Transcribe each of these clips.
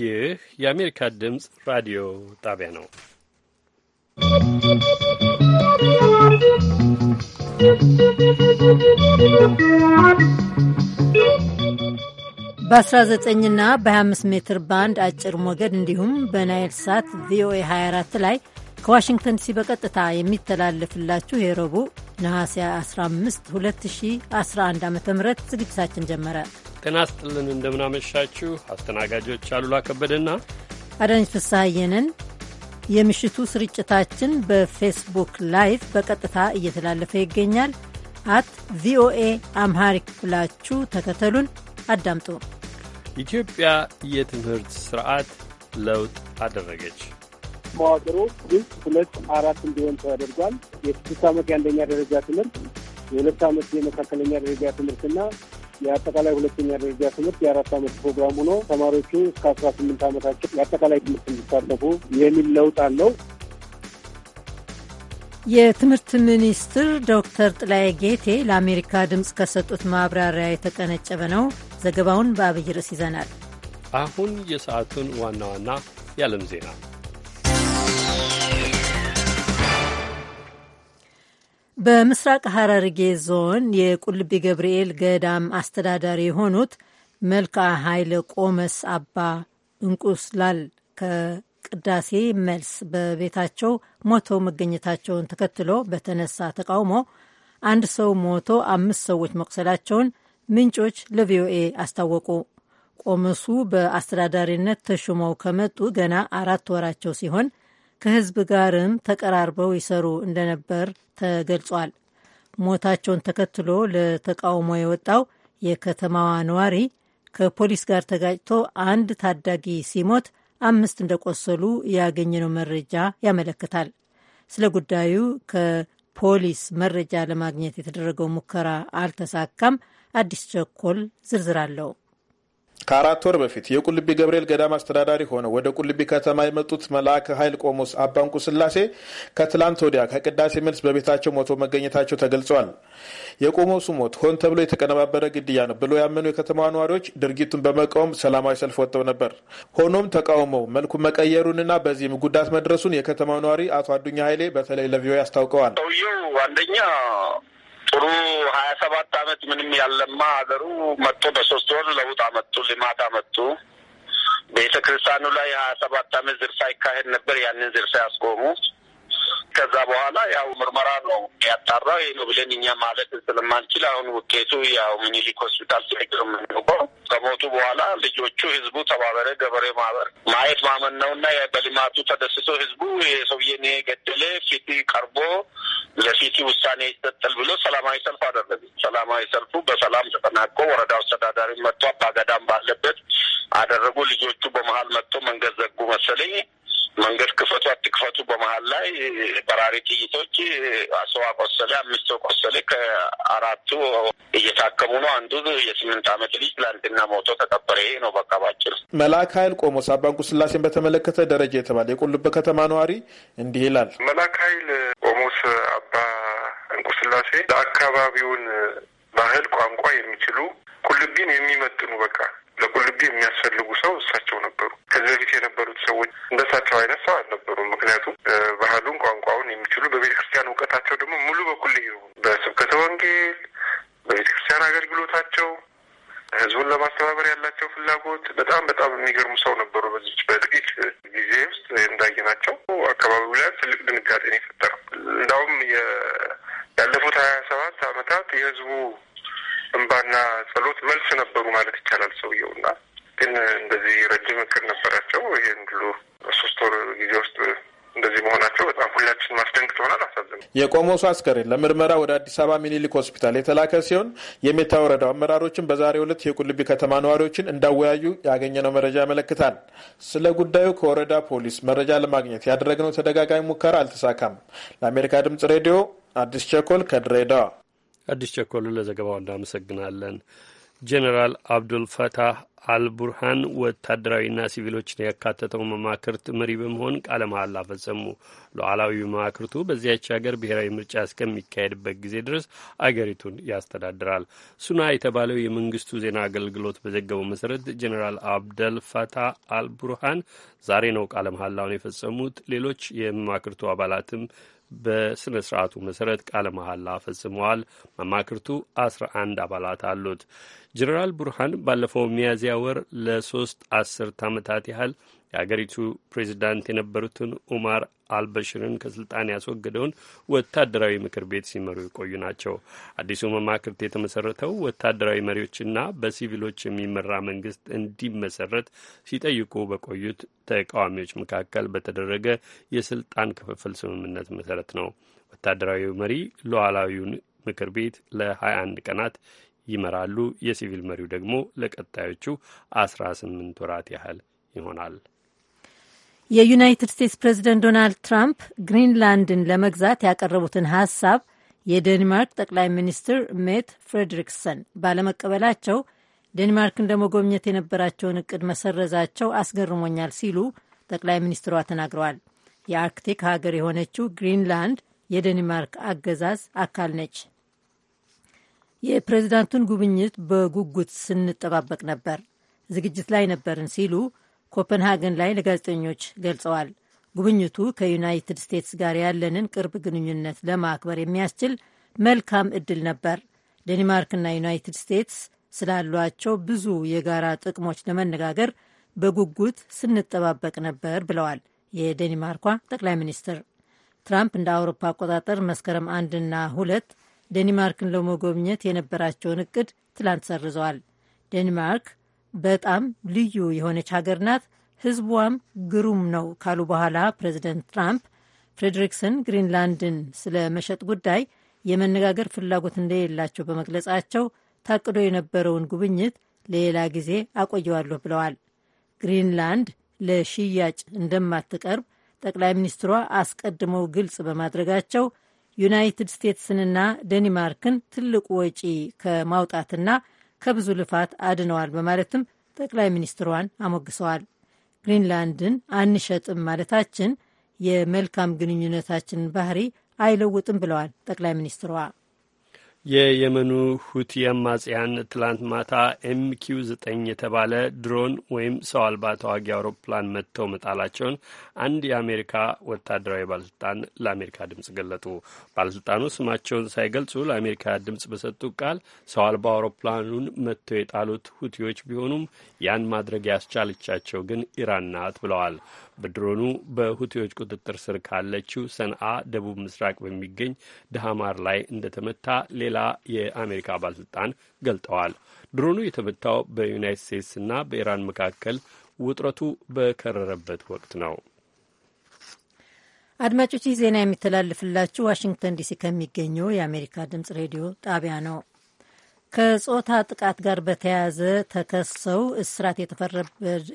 ይህ የአሜሪካ ድምፅ ራዲዮ ጣቢያ ነው። በ19 ና በ25 ሜትር ባንድ አጭር ሞገድ እንዲሁም በናይል ሳት ቪኦኤ 24 ላይ ከዋሽንግተን ዲሲ በቀጥታ የሚተላለፍላችሁ የረቡዕ ነሐሴ 15 2011 ዓ ም ዝግጅታችን ጀመረ። ጤና ስጥልን፣ እንደምናመሻችሁ። አስተናጋጆች አሉላ ከበደና አዳነች ፍስሐየንን። የምሽቱ ስርጭታችን በፌስቡክ ላይቭ በቀጥታ እየተላለፈ ይገኛል። አት ቪኦኤ አምሃሪክ ብላችሁ ተከተሉን አዳምጡ። ኢትዮጵያ የትምህርት ስርዓት ለውጥ አደረገች። መዋቅሩ ግልጽ ሁለት አራት እንዲሆን ተደርጓል። የስድስት ዓመት የአንደኛ ደረጃ ትምህርት፣ የሁለት ዓመት የመካከለኛ ደረጃ ትምህርትና የአጠቃላይ ሁለተኛ ደረጃ ትምህርት የአራት ዓመት ፕሮግራም ሆኖ ተማሪዎቹ እስከ አስራ ስምንት ዓመታቸው የአጠቃላይ ትምህርት እንዲሳተፉ የሚል ለውጥ አለው። የትምህርት ሚኒስትር ዶክተር ጥላዬ ጌቴ ለአሜሪካ ድምፅ ከሰጡት ማብራሪያ የተቀነጨበ ነው። ዘገባውን በአብይ ርዕስ ይዘናል። አሁን የሰዓቱን ዋና ዋና የዓለም ዜና በምስራቅ ሐረርጌ ዞን የቁልቢ ገብርኤል ገዳም አስተዳዳሪ የሆኑት መልክዓ ኃይለ ቆመስ አባ እንቁስላል ከቅዳሴ መልስ በቤታቸው ሞተው መገኘታቸውን ተከትሎ በተነሳ ተቃውሞ አንድ ሰው ሞቶ አምስት ሰዎች መቁሰላቸውን ምንጮች ለቪኦኤ አስታወቁ። ቆመሱ በአስተዳዳሪነት ተሹመው ከመጡ ገና አራት ወራቸው ሲሆን ከህዝብ ጋርም ተቀራርበው ይሰሩ እንደነበር ተገልጿል። ሞታቸውን ተከትሎ ለተቃውሞ የወጣው የከተማዋ ነዋሪ ከፖሊስ ጋር ተጋጭቶ አንድ ታዳጊ ሲሞት አምስት እንደቆሰሉ ያገኘነው መረጃ ያመለክታል። ስለ ጉዳዩ ከፖሊስ መረጃ ለማግኘት የተደረገው ሙከራ አልተሳካም። አዲስ ቸኮል ዝርዝር አለው። ከአራት ወር በፊት የቁልቢ ገብርኤል ገዳም አስተዳዳሪ ሆነው ወደ ቁልቢ ከተማ የመጡት መልአከ ኃይል ቆሞስ አባንቁ ስላሴ ከትላንት ወዲያ ከቅዳሴ መልስ በቤታቸው ሞቶ መገኘታቸው ተገልጿል። የቆሞሱ ሞት ሆን ተብሎ የተቀነባበረ ግድያ ነው ብሎ ያመኑ የከተማዋ ነዋሪዎች ድርጊቱን በመቃወም ሰላማዊ ሰልፍ ወጥተው ነበር። ሆኖም ተቃውሞው መልኩ መቀየሩንና በዚህም ጉዳት መድረሱን የከተማው ነዋሪ አቶ አዱኛ ኃይሌ በተለይ ለቪኦኤ አስታውቀዋል። ሰውየው አንደኛ ጥሩ ሀያ ሰባት አመት ምንም ያለማ ሀገሩ መጥቶ በሶስት ወር ለውጥ አመጡ፣ ልማት አመጡ። ቤተ ክርስቲያኑ ላይ ሀያ ሰባት አመት ዝርፊያ ይካሄድ ነበር። ያንን ዝርፊያ ያስቆሙ ከዛ በኋላ ያው ምርመራ ነው ያጣራው። ይህ ነው ብለን እኛ ማለት ስለማንችል አሁን ውጤቱ ያው ሚኒሊክ ሆስፒታል ሲነግር የምንቆም ከሞቱ በኋላ ልጆቹ ህዝቡ ተባበረ። ገበሬ ማህበር ማየት ማመን ነው እና በልማቱ ተደስቶ ህዝቡ የሰውዬን የገደለ ፊት ቀርቦ ለፊት ውሳኔ ይሰጠል ብሎ ሰላማዊ ሰልፍ አደረገ። ሰላማዊ ሰልፉ በሰላም ተጠናቆ ወረዳ አስተዳዳሪ መጥቶ አባገዳም ባለበት አደረጉ። ልጆቹ በመሀል መጥቶ መንገድ ዘጉ መሰለኝ መንገድ ክፈቱ አትክፈቱ፣ በመሀል ላይ በራሪ ጥይቶች አስዋ ቆሰለ፣ አምስት ሰው ቆሰለ። ከአራቱ እየታከሙ ነው። አንዱ የስምንት ዓመት ልጅ ትላንትና ሞቶ ተቀበረ። ይሄ ነው በቃ ባጭር። መልአክ ኃይል ቆሞስ አባ ስላሴን በተመለከተ ደረጃ የተባለ የቁልብ ከተማ ነዋሪ እንዲህ ይላል። መልአክ ኃይል ቆሞስ አባ እንቁስላሴ ለአካባቢውን ባህል ቋንቋ የሚችሉ ቁልቢን የሚመጥኑ በቃ ለቁልቢ የሚያስፈልጉ ሰው እሳቸው ነበሩ። ከዚህ በፊት የነበሩት ሰዎች እንደሳቸው አይነት ሰው አልነበሩም። ምክንያቱም ባህሉን፣ ቋንቋውን የሚችሉ በቤተ ክርስቲያን እውቀታቸው ደግሞ ሙሉ በኩል በስብከተ ወንጌል፣ በቤተ ክርስቲያን አገልግሎታቸው ህዝቡን ለማስተባበር ያላቸው ፍላጎት በጣም በጣም የሚገርሙ ሰው ነበሩ። በዚች በጥቂት የቆሞሱ አስከሬን ለምርመራ ወደ አዲስ አበባ ሚኒሊክ ሆስፒታል የተላከ ሲሆን የሜታ ወረዳው አመራሮችን በዛሬው ዕለት የቁልቢ ከተማ ነዋሪዎችን እንዳወያዩ ያገኘነው መረጃ ያመለክታል። ስለ ጉዳዩ ከወረዳ ፖሊስ መረጃ ለማግኘት ያደረግነው ተደጋጋሚ ሙከራ አልተሳካም። ለአሜሪካ ድምጽ ሬዲዮ አዲስ ቸኮል ከድሬዳዋ። አዲስ ቸኮልን ለዘገባው እናመሰግናለን። ጄኔራል አብዱልፈታህ አልቡርሃን ወታደራዊና ሲቪሎችን ያካተተው መማክርት መሪ በመሆን ቃለ መሐላ ፈጸሙ። ሉዓላዊ መማክርቱ በዚያች ሀገር ብሔራዊ ምርጫ እስከሚካሄድበት ጊዜ ድረስ አገሪቱን ያስተዳድራል። ሱና የተባለው የመንግስቱ ዜና አገልግሎት በዘገበው መሰረት ጀነራል አብደልፈታ አልቡርሃን ዛሬ ነው ቃለ መሐላውን የፈጸሙት። ሌሎች የመማክርቱ አባላትም በስነ ስርዓቱ መሰረት ቃለ መሐላ ፈጽመዋል። መማክርቱ አስራ አንድ አባላት አሉት። ጀኔራል ቡርሃን ባለፈው ሚያዝያ ወር ለሶስት አስርት ዓመታት ያህል የአገሪቱ ፕሬዚዳንት የነበሩትን ኡማር አልበሽርን ከስልጣን ያስወገደውን ወታደራዊ ምክር ቤት ሲመሩ የቆዩ ናቸው። አዲሱ መማክርት የተመሰረተው ወታደራዊ መሪዎችና በሲቪሎች የሚመራ መንግስት እንዲመሰረት ሲጠይቁ በቆዩት ተቃዋሚዎች መካከል በተደረገ የስልጣን ክፍፍል ስምምነት መሰረት ነው። ወታደራዊ መሪ ሉዓላዊውን ምክር ቤት ለ21 ቀናት ይመራሉ። የሲቪል መሪው ደግሞ ለቀጣዮቹ አስራ ስምንት ወራት ያህል ይሆናል። የዩናይትድ ስቴትስ ፕሬዚደንት ዶናልድ ትራምፕ ግሪንላንድን ለመግዛት ያቀረቡትን ሀሳብ የዴንማርክ ጠቅላይ ሚኒስትር ሜት ፍሬድሪክሰን ባለመቀበላቸው ዴንማርክን ለመጎብኘት የነበራቸውን እቅድ መሰረዛቸው አስገርሞኛል ሲሉ ጠቅላይ ሚኒስትሯ ተናግረዋል። የአርክቲክ ሀገር የሆነችው ግሪንላንድ የዴንማርክ አገዛዝ አካል ነች። የፕሬዚዳንቱን ጉብኝት በጉጉት ስንጠባበቅ ነበር፣ ዝግጅት ላይ ነበርን ሲሉ ኮፐንሃገን ላይ ለጋዜጠኞች ገልጸዋል። ጉብኝቱ ከዩናይትድ ስቴትስ ጋር ያለንን ቅርብ ግንኙነት ለማክበር የሚያስችል መልካም እድል ነበር። ዴንማርክና ዩናይትድ ስቴትስ ስላሏቸው ብዙ የጋራ ጥቅሞች ለመነጋገር በጉጉት ስንጠባበቅ ነበር ብለዋል የዴንማርኳ ጠቅላይ ሚኒስትር። ትራምፕ እንደ አውሮፓ አቆጣጠር መስከረም አንድና ሁለት ዴንማርክን ለመጎብኘት የነበራቸውን እቅድ ትላንት ሰርዘዋል። ዴንማርክ በጣም ልዩ የሆነች ሀገር ናት፣ ህዝቧም ግሩም ነው ካሉ በኋላ ፕሬዚደንት ትራምፕ ፍሬድሪክሰን ግሪንላንድን ስለ መሸጥ ጉዳይ የመነጋገር ፍላጎት እንደሌላቸው በመግለጻቸው ታቅዶ የነበረውን ጉብኝት ለሌላ ጊዜ አቆየዋለሁ ብለዋል። ግሪንላንድ ለሽያጭ እንደማትቀርብ ጠቅላይ ሚኒስትሯ አስቀድመው ግልጽ በማድረጋቸው ዩናይትድ ስቴትስንና ደኒማርክን ትልቅ ወጪ ከማውጣትና ከብዙ ልፋት አድነዋል በማለትም ጠቅላይ ሚኒስትሯን አሞግሰዋል። ግሪንላንድን አንሸጥም ማለታችን የመልካም ግንኙነታችንን ባህሪ አይለውጥም ብለዋል ጠቅላይ ሚኒስትሯ። የየመኑ ሁቲ አማጽያን ትላንት ማታ ኤምኪው ዘጠኝ የተባለ ድሮን ወይም ሰው አልባ ተዋጊ አውሮፕላን መጥተው መጣላቸውን አንድ የአሜሪካ ወታደራዊ ባለስልጣን ለአሜሪካ ድምጽ ገለጡ። ባለስልጣኑ ስማቸውን ሳይገልጹ ለአሜሪካ ድምጽ በሰጡ ቃል ሰው አልባ አውሮፕላኑን መጥተው የጣሉት ሁቲዎች ቢሆኑም ያን ማድረግ ያስቻለቻቸው ግን ኢራን ናት ብለዋል። በድሮኑ በሁቲዎች ቁጥጥር ስር ካለችው ሰንአ ደቡብ ምስራቅ በሚገኝ ደሃማር ላይ እንደተመታ ሌላ የአሜሪካ ባለስልጣን ገልጠዋል። ድሮኑ የተመታው በዩናይትድ ስቴትስና በኢራን መካከል ውጥረቱ በከረረበት ወቅት ነው። አድማጮች ይህ ዜና የሚተላልፍላችሁ ዋሽንግተን ዲሲ ከሚገኘው የአሜሪካ ድምጽ ሬዲዮ ጣቢያ ነው። ከጾታ ጥቃት ጋር በተያያዘ ተከሰው እስራት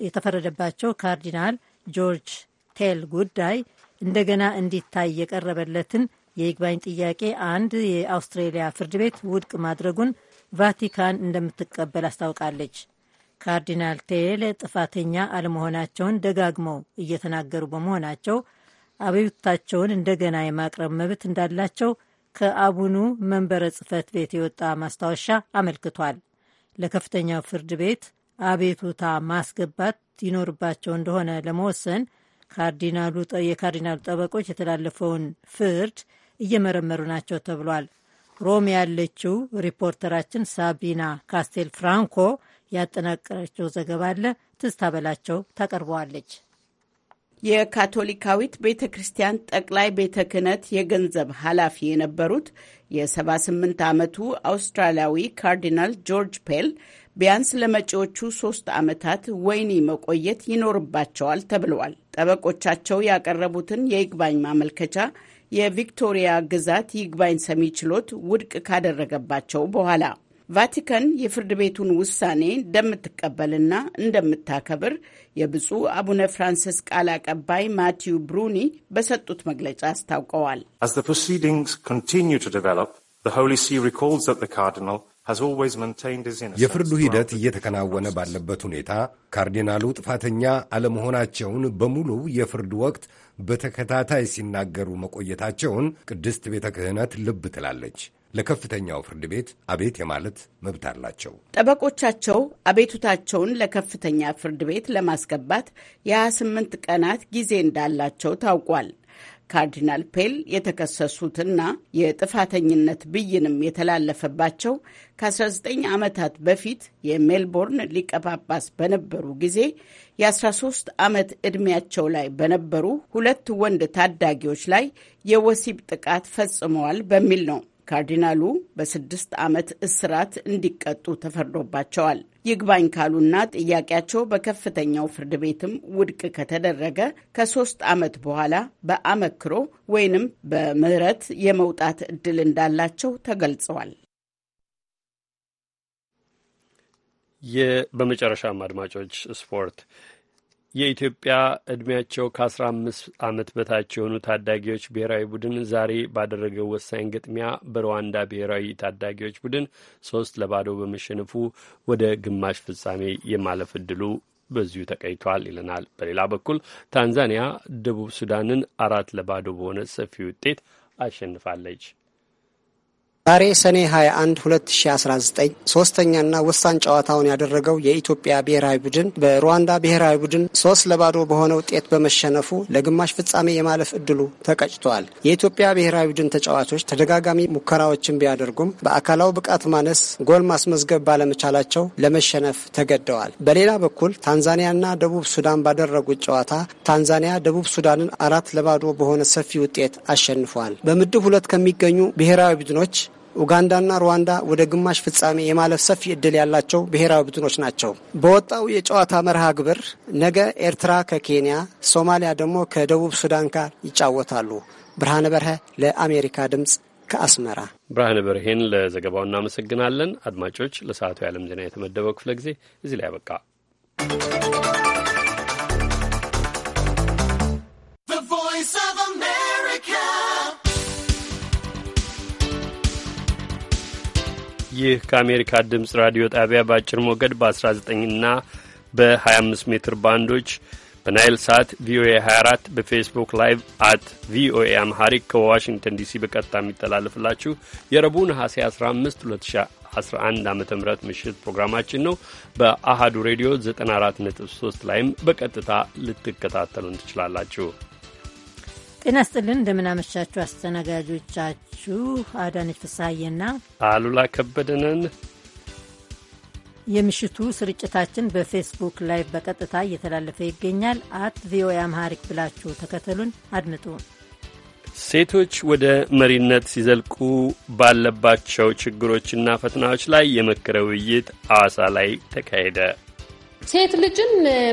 የተፈረደባቸው ካርዲናል ጆርጅ ቴል ጉዳይ እንደገና እንዲታይ የቀረበለትን የይግባኝ ጥያቄ አንድ የአውስትሬሊያ ፍርድ ቤት ውድቅ ማድረጉን ቫቲካን እንደምትቀበል አስታውቃለች። ካርዲናል ቴል ጥፋተኛ አለመሆናቸውን ደጋግመው እየተናገሩ በመሆናቸው አቤቱታቸውን እንደገና የማቅረብ መብት እንዳላቸው ከአቡኑ መንበረ ጽሕፈት ቤት የወጣ ማስታወሻ አመልክቷል። ለከፍተኛው ፍርድ ቤት አቤቱታ ማስገባት ይኖርባቸው እንደሆነ ለመወሰን የካርዲናሉ ጠበቆች የተላለፈውን ፍርድ እየመረመሩ ናቸው ተብሏል። ሮም ያለችው ሪፖርተራችን ሳቢና ካስቴል ፍራንኮ ያጠናቀረችው ዘገባ አለ ትዝታ በላቸው ታቀርበዋለች። የካቶሊካዊት ቤተ ክርስቲያን ጠቅላይ ቤተ ክህነት የገንዘብ ኃላፊ የነበሩት የ78 ዓመቱ አውስትራሊያዊ ካርዲናል ጆርጅ ፔል ቢያንስ ለመጪዎቹ ሶስት ዓመታት ወህኒ መቆየት ይኖርባቸዋል ተብለዋል። ጠበቆቻቸው ያቀረቡትን የይግባኝ ማመልከቻ የቪክቶሪያ ግዛት ይግባኝ ሰሚ ችሎት ውድቅ ካደረገባቸው በኋላ ቫቲካን የፍርድ ቤቱን ውሳኔ እንደምትቀበልና እንደምታከብር የብፁዕ አቡነ ፍራንሲስ ቃል አቀባይ ማቲዩ ብሩኒ በሰጡት መግለጫ አስታውቀዋል። የፍርዱ ሂደት እየተከናወነ ባለበት ሁኔታ ካርዲናሉ ጥፋተኛ አለመሆናቸውን በሙሉ የፍርድ ወቅት በተከታታይ ሲናገሩ መቆየታቸውን ቅድስት ቤተ ክህነት ልብ ትላለች። ለከፍተኛው ፍርድ ቤት አቤት የማለት መብት አላቸው። ጠበቆቻቸው አቤቱታቸውን ለከፍተኛ ፍርድ ቤት ለማስገባት የ28 ቀናት ጊዜ እንዳላቸው ታውቋል። ካርዲናል ፔል የተከሰሱትና የጥፋተኝነት ብይንም የተላለፈባቸው ከ19 ዓመታት በፊት የሜልቦርን ሊቀጳጳስ በነበሩ ጊዜ የ13 ዓመት ዕድሜያቸው ላይ በነበሩ ሁለት ወንድ ታዳጊዎች ላይ የወሲብ ጥቃት ፈጽመዋል በሚል ነው። ካርዲናሉ በስድስት ዓመት እስራት እንዲቀጡ ተፈርዶባቸዋል። ይግባኝ ካሉና ጥያቄያቸው በከፍተኛው ፍርድ ቤትም ውድቅ ከተደረገ ከሶስት ዓመት በኋላ በአመክሮ ወይንም በምህረት የመውጣት እድል እንዳላቸው ተገልጸዋል። በመጨረሻም አድማጮች ስፖርት የኢትዮጵያ ዕድሜያቸው ከአስራ አምስት ዓመት በታች የሆኑ ታዳጊዎች ብሔራዊ ቡድን ዛሬ ባደረገው ወሳኝ ግጥሚያ በሩዋንዳ ብሔራዊ ታዳጊዎች ቡድን ሶስት ለባዶ በመሸነፉ ወደ ግማሽ ፍጻሜ የማለፍ እድሉ በዚሁ ተቀይቷል ይለናል። በሌላ በኩል ታንዛኒያ ደቡብ ሱዳንን አራት ለባዶ በሆነ ሰፊ ውጤት አሸንፋለች። ዛሬ ሰኔ 21 2019 ሶስተኛና ወሳኝ ጨዋታውን ያደረገው የኢትዮጵያ ብሔራዊ ቡድን በሩዋንዳ ብሔራዊ ቡድን ሶስት ለባዶ በሆነ ውጤት በመሸነፉ ለግማሽ ፍጻሜ የማለፍ እድሉ ተቀጭቷል። የኢትዮጵያ ብሔራዊ ቡድን ተጫዋቾች ተደጋጋሚ ሙከራዎችን ቢያደርጉም በአካላው ብቃት ማነስ ጎል ማስመዝገብ ባለመቻላቸው ለመሸነፍ ተገደዋል። በሌላ በኩል ታንዛኒያና ደቡብ ሱዳን ባደረጉት ጨዋታ ታንዛኒያ ደቡብ ሱዳንን አራት ለባዶ በሆነ ሰፊ ውጤት አሸንፏል። በምድብ ሁለት ከሚገኙ ብሔራዊ ቡድኖች ኡጋንዳና ሩዋንዳ ወደ ግማሽ ፍጻሜ የማለፍ ሰፊ እድል ያላቸው ብሔራዊ ቡድኖች ናቸው። በወጣው የጨዋታ መርሃ ግብር ነገ ኤርትራ ከኬንያ፣ ሶማሊያ ደግሞ ከደቡብ ሱዳን ጋር ይጫወታሉ። ብርሃነ በርሀ ለአሜሪካ ድምፅ ከአስመራ። ብርሃነ በርሄን ለዘገባው እናመሰግናለን። አድማጮች፣ ለሰዓቱ የዓለም ዜና የተመደበው ክፍለ ጊዜ እዚህ ላይ ያበቃ። ይህ ከአሜሪካ ድምፅ ራዲዮ ጣቢያ በአጭር ሞገድ በ19ና በ25 ሜትር ባንዶች በናይል ሳት ቪኦኤ 24 በፌስቡክ ላይቭ አት ቪኦኤ አምሃሪክ ከዋሽንግተን ዲሲ በቀጥታ የሚተላለፍላችሁ የረቡዕ ነሐሴ 15 2011 ዓ ም ምሽት ፕሮግራማችን ነው። በአሃዱ ሬዲዮ 94.3 ላይም በቀጥታ ልትከታተሉን ትችላላችሁ። ጤና ስጥልን እንደምናመሻችሁ። አስተናጋጆቻችሁ አዳነች ፍስሐዬና አሉላ ከበደንን። የምሽቱ ስርጭታችን በፌስቡክ ላይ በቀጥታ እየተላለፈ ይገኛል። አት ቪኦኤ አምሃሪክ ብላችሁ ተከተሉን አድምጡ። ሴቶች ወደ መሪነት ሲዘልቁ ባለባቸው ችግሮችና ፈተናዎች ላይ የመከረ ውይይት አዋሳ ላይ ተካሄደ። ሴት ልጅን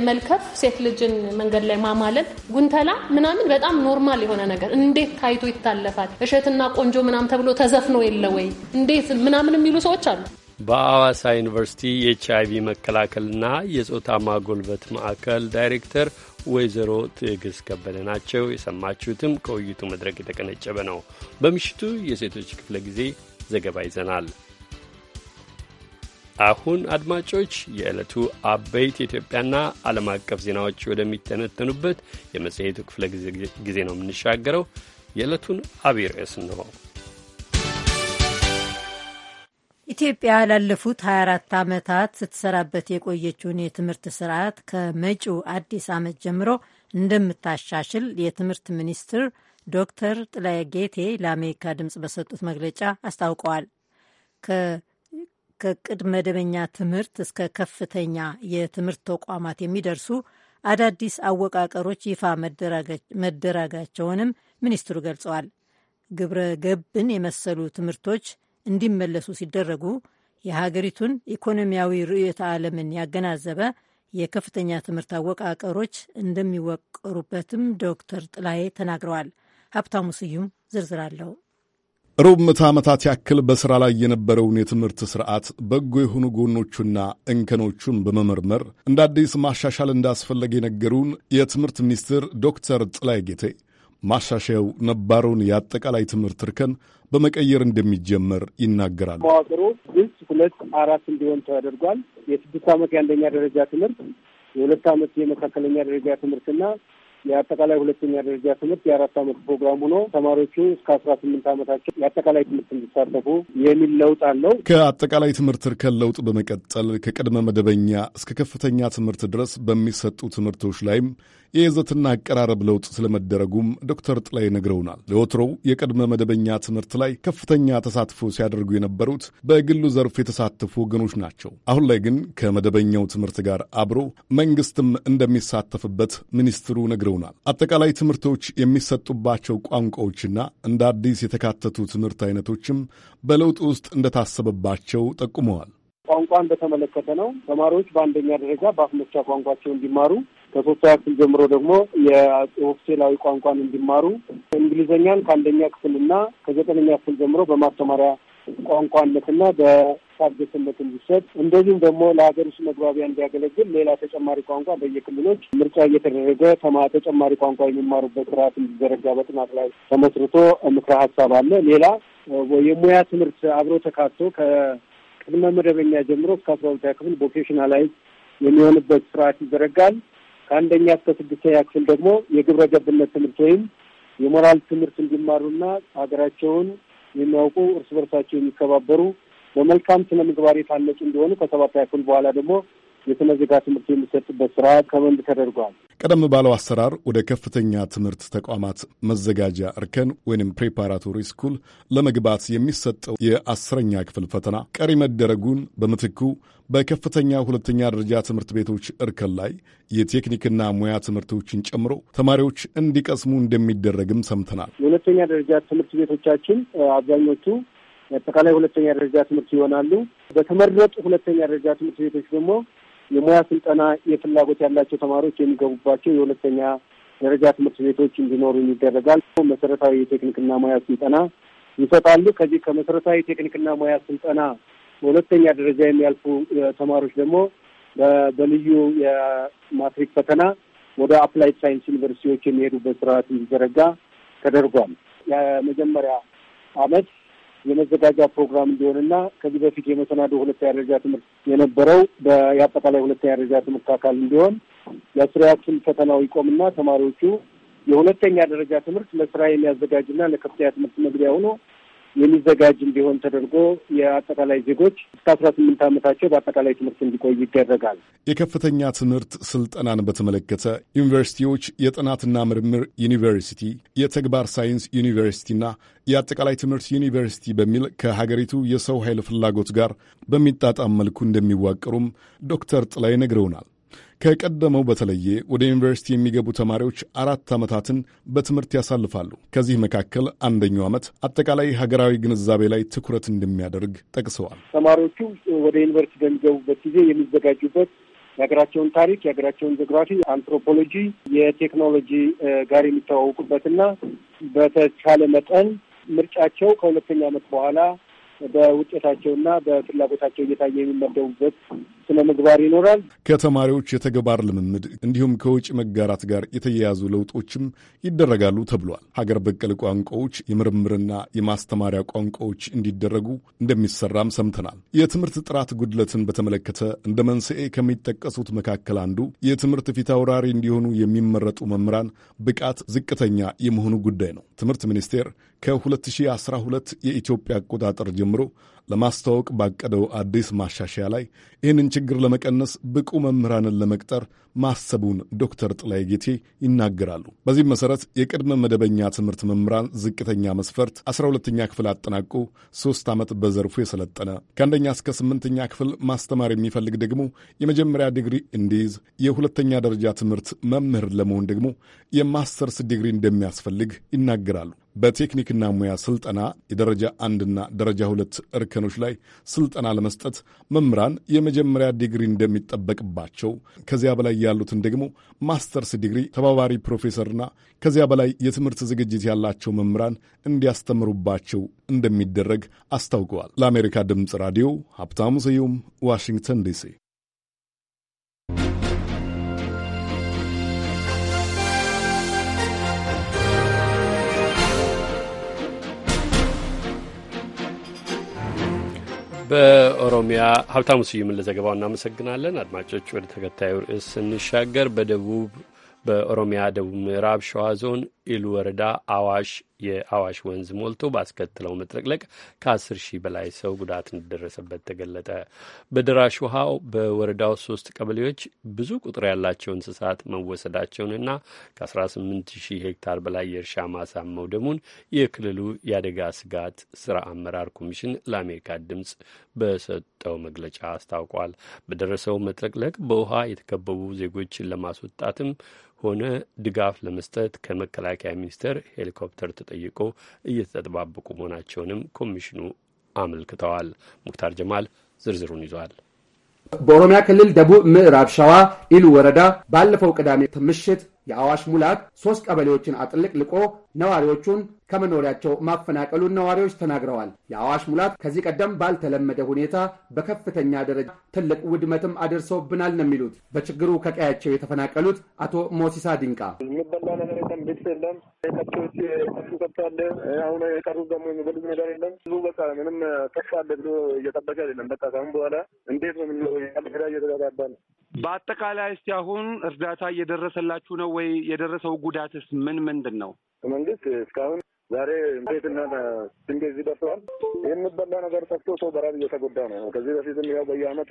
መልከፍ፣ ሴት ልጅን መንገድ ላይ ማማለል፣ ጉንተላ ምናምን በጣም ኖርማል የሆነ ነገር እንዴት ታይቶ ይታለፋል? እሸትና ቆንጆ ምናምን ተብሎ ተዘፍኖ የለ ወይ እንዴት ምናምን የሚሉ ሰዎች አሉ። በአዋሳ ዩኒቨርሲቲ የኤች አይቪ መከላከልና የጾታ ማጎልበት ማዕከል ዳይሬክተር ወይዘሮ ትዕግስት ከበደ ናቸው። የሰማችሁትም ከውይይቱ መድረክ የተቀነጨበ ነው። በምሽቱ የሴቶች ክፍለ ጊዜ ዘገባ ይዘናል። አሁን አድማጮች የዕለቱ አበይት የኢትዮጵያና ዓለም አቀፍ ዜናዎች ወደሚተነተኑበት የመጽሔቱ ክፍለ ጊዜ ነው የምንሻገረው። የዕለቱን አብይ ርዕስ ኢትዮጵያ ላለፉት 24 ዓመታት ስትሰራበት የቆየችውን የትምህርት ስርዓት ከመጪው አዲስ ዓመት ጀምሮ እንደምታሻሽል የትምህርት ሚኒስትር ዶክተር ጥላዬ ጌቴ ለአሜሪካ ድምፅ በሰጡት መግለጫ አስታውቀዋል። ከቅድ መደበኛ ትምህርት እስከ ከፍተኛ የትምህርት ተቋማት የሚደርሱ አዳዲስ አወቃቀሮች ይፋ መደረጋቸውንም ሚኒስትሩ ገልጸዋል። ግብረ ገብን የመሰሉ ትምህርቶች እንዲመለሱ ሲደረጉ የሀገሪቱን ኢኮኖሚያዊ ርዕዮተ ዓለምን ያገናዘበ የከፍተኛ ትምህርት አወቃቀሮች እንደሚወቀሩበትም ዶክተር ጥላዬ ተናግረዋል። ሀብታሙ ስዩም ዝርዝር አለው። ሩብ ምዕተ ዓመታት ያክል በሥራ ላይ የነበረውን የትምህርት ሥርዓት በጎ የሆኑ ጎኖቹና እንከኖቹን በመመርመር እንደ አዲስ ማሻሻል እንዳስፈለገ የነገሩን የትምህርት ሚኒስትር ዶክተር ጥላይ ጌቴ ማሻሻያው ነባረውን የአጠቃላይ ትምህርት እርከን በመቀየር እንደሚጀመር ይናገራሉ። መዋቅሩ ግልጽ ሁለት አራት እንዲሆን ተደርጓል። የስድስት ዓመት የአንደኛ ደረጃ ትምህርት፣ የሁለት ዓመት የመካከለኛ ደረጃ ትምህርትና የአጠቃላይ ሁለተኛ ደረጃ ትምህርት የአራት አመት ፕሮግራም ሆኖ ተማሪዎቹ እስከ አስራ ስምንት አመታቸው የአጠቃላይ ትምህርት እንዲሳተፉ የሚል ለውጥ አለው። ከአጠቃላይ ትምህርት እርከን ለውጥ በመቀጠል ከቅድመ መደበኛ እስከ ከፍተኛ ትምህርት ድረስ በሚሰጡ ትምህርቶች ላይም የይዘትና አቀራረብ ለውጥ ስለመደረጉም ዶክተር ጥላይ ነግረውናል። ለወትሮው የቅድመ መደበኛ ትምህርት ላይ ከፍተኛ ተሳትፎ ሲያደርጉ የነበሩት በግሉ ዘርፍ የተሳተፉ ወገኖች ናቸው። አሁን ላይ ግን ከመደበኛው ትምህርት ጋር አብሮ መንግስትም እንደሚሳተፍበት ሚኒስትሩ ነግረው ይሆናል። አጠቃላይ ትምህርቶች የሚሰጡባቸው ቋንቋዎችና እንደ አዲስ የተካተቱ ትምህርት አይነቶችም በለውጥ ውስጥ እንደታሰበባቸው ጠቁመዋል። ቋንቋን በተመለከተ ነው። ተማሪዎች በአንደኛ ደረጃ በአፍ መፍቻ ቋንቋቸው እንዲማሩ ከሶስተኛ ክፍል ጀምሮ ደግሞ የኦፊሴላዊ ቋንቋን እንዲማሩ እንግሊዘኛን ከአንደኛ ክፍልና ከዘጠነኛ ክፍል ጀምሮ በማስተማሪያ ቋንቋነትና በሳብጀትነት እንዲሰጥ እንደዚሁም ደግሞ ለሀገር ውስጥ መግባቢያ እንዲያገለግል ሌላ ተጨማሪ ቋንቋ በየክልሎች ምርጫ እየተደረገ ተማ ተጨማሪ ቋንቋ የሚማሩበት ስርዓት እንዲዘረጋ በጥናት ላይ ተመስርቶ ምክረ ሀሳብ አለ። ሌላ የሙያ ትምህርት አብሮ ተካቶ ከቅድመ መደበኛ ጀምሮ እስከ አስራ ሁለተኛ ክፍል ቮኬሽናላይዝ የሚሆንበት ስርዓት ይዘረጋል። ከአንደኛ እስከ ስድስተኛ ክፍል ደግሞ የግብረ ገብነት ትምህርት ወይም የሞራል ትምህርት እንዲማሩና ሀገራቸውን የሚያውቁ እርስ በርሳቸው የሚከባበሩ በመልካም ስነ ምግባር የታነጹ እንደሆኑ ከሰባት ያክል በኋላ ደግሞ የተመዘጋ ትምህርት የሚሰጥበት ስራ ከመንድ ተደርጓል። ቀደም ባለው አሰራር ወደ ከፍተኛ ትምህርት ተቋማት መዘጋጃ እርከን ወይም ፕሬፓራቶሪ ስኩል ለመግባት የሚሰጠው የአስረኛ ክፍል ፈተና ቀሪ መደረጉን በምትኩ በከፍተኛ ሁለተኛ ደረጃ ትምህርት ቤቶች እርከን ላይ የቴክኒክና ሙያ ትምህርቶችን ጨምሮ ተማሪዎች እንዲቀስሙ እንደሚደረግም ሰምተናል። የሁለተኛ ደረጃ ትምህርት ቤቶቻችን አብዛኞቹ አጠቃላይ ሁለተኛ ደረጃ ትምህርት ይሆናሉ። በተመረጡ ሁለተኛ ደረጃ ትምህርት ቤቶች ደግሞ የሙያ ስልጠና የፍላጎት ያላቸው ተማሪዎች የሚገቡባቸው የሁለተኛ ደረጃ ትምህርት ቤቶች እንዲኖሩ ይደረጋል። መሰረታዊ የቴክኒክና ሙያ ስልጠና ይሰጣሉ። ከዚህ ከመሰረታዊ ቴክኒክና ሙያ ስልጠና በሁለተኛ ደረጃ የሚያልፉ ተማሪዎች ደግሞ በልዩ የማትሪክ ፈተና ወደ አፕላይድ ሳይንስ ዩኒቨርሲቲዎች የሚሄዱበት ስርዓት እንዲዘረጋ ተደርጓል። የመጀመሪያ አመት የመዘጋጃ ፕሮግራም እንዲሆንና ከዚህ በፊት የመሰናዶ ሁለተኛ ደረጃ ትምህርት የነበረው የአጠቃላይ ሁለተኛ ደረጃ ትምህርት አካል እንዲሆን የአስረኛ ፈተናው ይቆምና ተማሪዎቹ የሁለተኛ ደረጃ ትምህርት ለስራ የሚያዘጋጅና ለከፍተኛ ትምህርት መግቢያ ሆኖ የሚዘጋጅ እንዲሆን ተደርጎ የአጠቃላይ ዜጎች እስከ አስራ ስምንት ዓመታቸው በአጠቃላይ ትምህርት እንዲቆይ ይደረጋል። የከፍተኛ ትምህርት ስልጠናን በተመለከተ ዩኒቨርሲቲዎች የጥናትና ምርምር ዩኒቨርሲቲ፣ የተግባር ሳይንስ ዩኒቨርሲቲና የአጠቃላይ ትምህርት ዩኒቨርሲቲ በሚል ከሀገሪቱ የሰው ኃይል ፍላጎት ጋር በሚጣጣም መልኩ እንደሚዋቀሩም ዶክተር ጥላይ ነግረውናል። ከቀደመው በተለየ ወደ ዩኒቨርሲቲ የሚገቡ ተማሪዎች አራት ዓመታትን በትምህርት ያሳልፋሉ። ከዚህ መካከል አንደኛው ዓመት አጠቃላይ ሀገራዊ ግንዛቤ ላይ ትኩረት እንደሚያደርግ ጠቅሰዋል። ተማሪዎቹ ወደ ዩኒቨርሲቲ በሚገቡበት ጊዜ የሚዘጋጁበት የሀገራቸውን ታሪክ፣ የሀገራቸውን ጂኦግራፊ፣ አንትሮፖሎጂ፣ የቴክኖሎጂ ጋር የሚተዋወቁበትና በተቻለ መጠን ምርጫቸው ከሁለተኛ ዓመት በኋላ በውጤታቸውና በፍላጎታቸው እየታየ የሚመደቡበት ስነ ምግባር ይኖራል። ከተማሪዎች የተግባር ልምምድ እንዲሁም ከውጭ መጋራት ጋር የተያያዙ ለውጦችም ይደረጋሉ ተብሏል። ሀገር በቀል ቋንቋዎች የምርምርና የማስተማሪያ ቋንቋዎች እንዲደረጉ እንደሚሰራም ሰምተናል። የትምህርት ጥራት ጉድለትን በተመለከተ እንደ መንስኤ ከሚጠቀሱት መካከል አንዱ የትምህርት ፊት አውራሪ እንዲሆኑ የሚመረጡ መምህራን ብቃት ዝቅተኛ የመሆኑ ጉዳይ ነው። ትምህርት ሚኒስቴር ከ2012 የኢትዮጵያ አቆጣጠር ጀምሮ ለማስተዋወቅ ባቀደው አዲስ ማሻሻያ ላይ ይህንን ችግር ለመቀነስ ብቁ መምህራንን ለመቅጠር ማሰቡን ዶክተር ጥላይ ጌቴ ይናገራሉ። በዚህም መሰረት የቅድመ መደበኛ ትምህርት መምህራን ዝቅተኛ መስፈርት 12ኛ ክፍል አጠናቆ ሶስት ዓመት በዘርፉ የሰለጠነ ከአንደኛ እስከ ስምንተኛ ክፍል ማስተማር የሚፈልግ ደግሞ የመጀመሪያ ዲግሪ እንዲይዝ፣ የሁለተኛ ደረጃ ትምህርት መምህር ለመሆን ደግሞ የማስተርስ ዲግሪ እንደሚያስፈልግ ይናገራሉ። በቴክኒክና ሙያ ስልጠና የደረጃ አንድና ደረጃ ሁለት እርክ እርከኖች ላይ ስልጠና ለመስጠት መምህራን የመጀመሪያ ዲግሪ እንደሚጠበቅባቸው ከዚያ በላይ ያሉትን ደግሞ ማስተርስ ዲግሪ፣ ተባባሪ ፕሮፌሰርና ከዚያ በላይ የትምህርት ዝግጅት ያላቸው መምህራን እንዲያስተምሩባቸው እንደሚደረግ አስታውቀዋል። ለአሜሪካ ድምፅ ራዲዮ ሀብታሙ ስዩም ዋሽንግተን ዲሲ። በኦሮሚያ ሀብታሙ ስዩምን ለዘገባው እናመሰግናለን። አድማጮች ወደ ተከታዩ ርዕስ ስንሻገር በደቡብ በኦሮሚያ ደቡብ ምዕራብ ሸዋ ዞን ኢሉ ወረዳ አዋሽ የአዋሽ ወንዝ ሞልቶ ባስከትለው መጥለቅለቅ ከ10 ሺህ በላይ ሰው ጉዳት እንደደረሰበት ተገለጠ። በደራሽ ውሃው በወረዳው ሶስት ቀበሌዎች ብዙ ቁጥር ያላቸው እንስሳት መወሰዳቸውንና ከ18 ሺህ ሄክታር በላይ የእርሻ ማሳ መውደሙን የክልሉ የአደጋ ስጋት ስራ አመራር ኮሚሽን ለአሜሪካ ድምፅ በሰጠው መግለጫ አስታውቋል። በደረሰው መጥለቅለቅ በውሃ የተከበቡ ዜጎችን ለማስወጣትም ሆነ ድጋፍ ለመስጠት ከመከላከ መከላከያ ሚኒስቴር ሄሊኮፕተር ተጠይቆ እየተጠባበቁ መሆናቸውንም ኮሚሽኑ አመልክተዋል። ሙክታር ጀማል ዝርዝሩን ይዟል። በኦሮሚያ ክልል ደቡብ ምዕራብ ሸዋ ኢሉ ወረዳ ባለፈው ቅዳሜ ምሽት የአዋሽ ሙላት ሶስት ቀበሌዎችን አጥልቅልቆ ነዋሪዎቹን ከመኖሪያቸው ማፈናቀሉን ነዋሪዎች ተናግረዋል። የአዋሽ ሙላት ከዚህ ቀደም ባልተለመደ ሁኔታ በከፍተኛ ደረጃ ትልቅ ውድመትም አደርሰውብናል ነው የሚሉት በችግሩ ከቀያቸው የተፈናቀሉት አቶ ሞሲሳ ድንቃ። የሚበላ ነገር የለም፣ የለም፣ ከብታለ አሁን የቀሩት ደግሞ የሚበሉት ነገር የለም። ብዙ በቃ ምንም ተስፋ አለ ብሎ እየጠበቀ አይደለም። በቃ በኋላ እንዴት ነው የምንለው? እየተጋጋባ ነው በአጠቃላይ እስቲ አሁን እርዳታ እየደረሰላችሁ ነው ወይ? የደረሰው ጉዳትስ ምን ምንድን ነው? መንግስት እስካሁን ዛሬ ቤትና ስንዴ እዚህ ደርሰዋል። የሚበላ ነገር ጠፍቶ ሰው በራብ እየተጎዳ ነው። ከዚህ በፊትም ያው በየአመቱ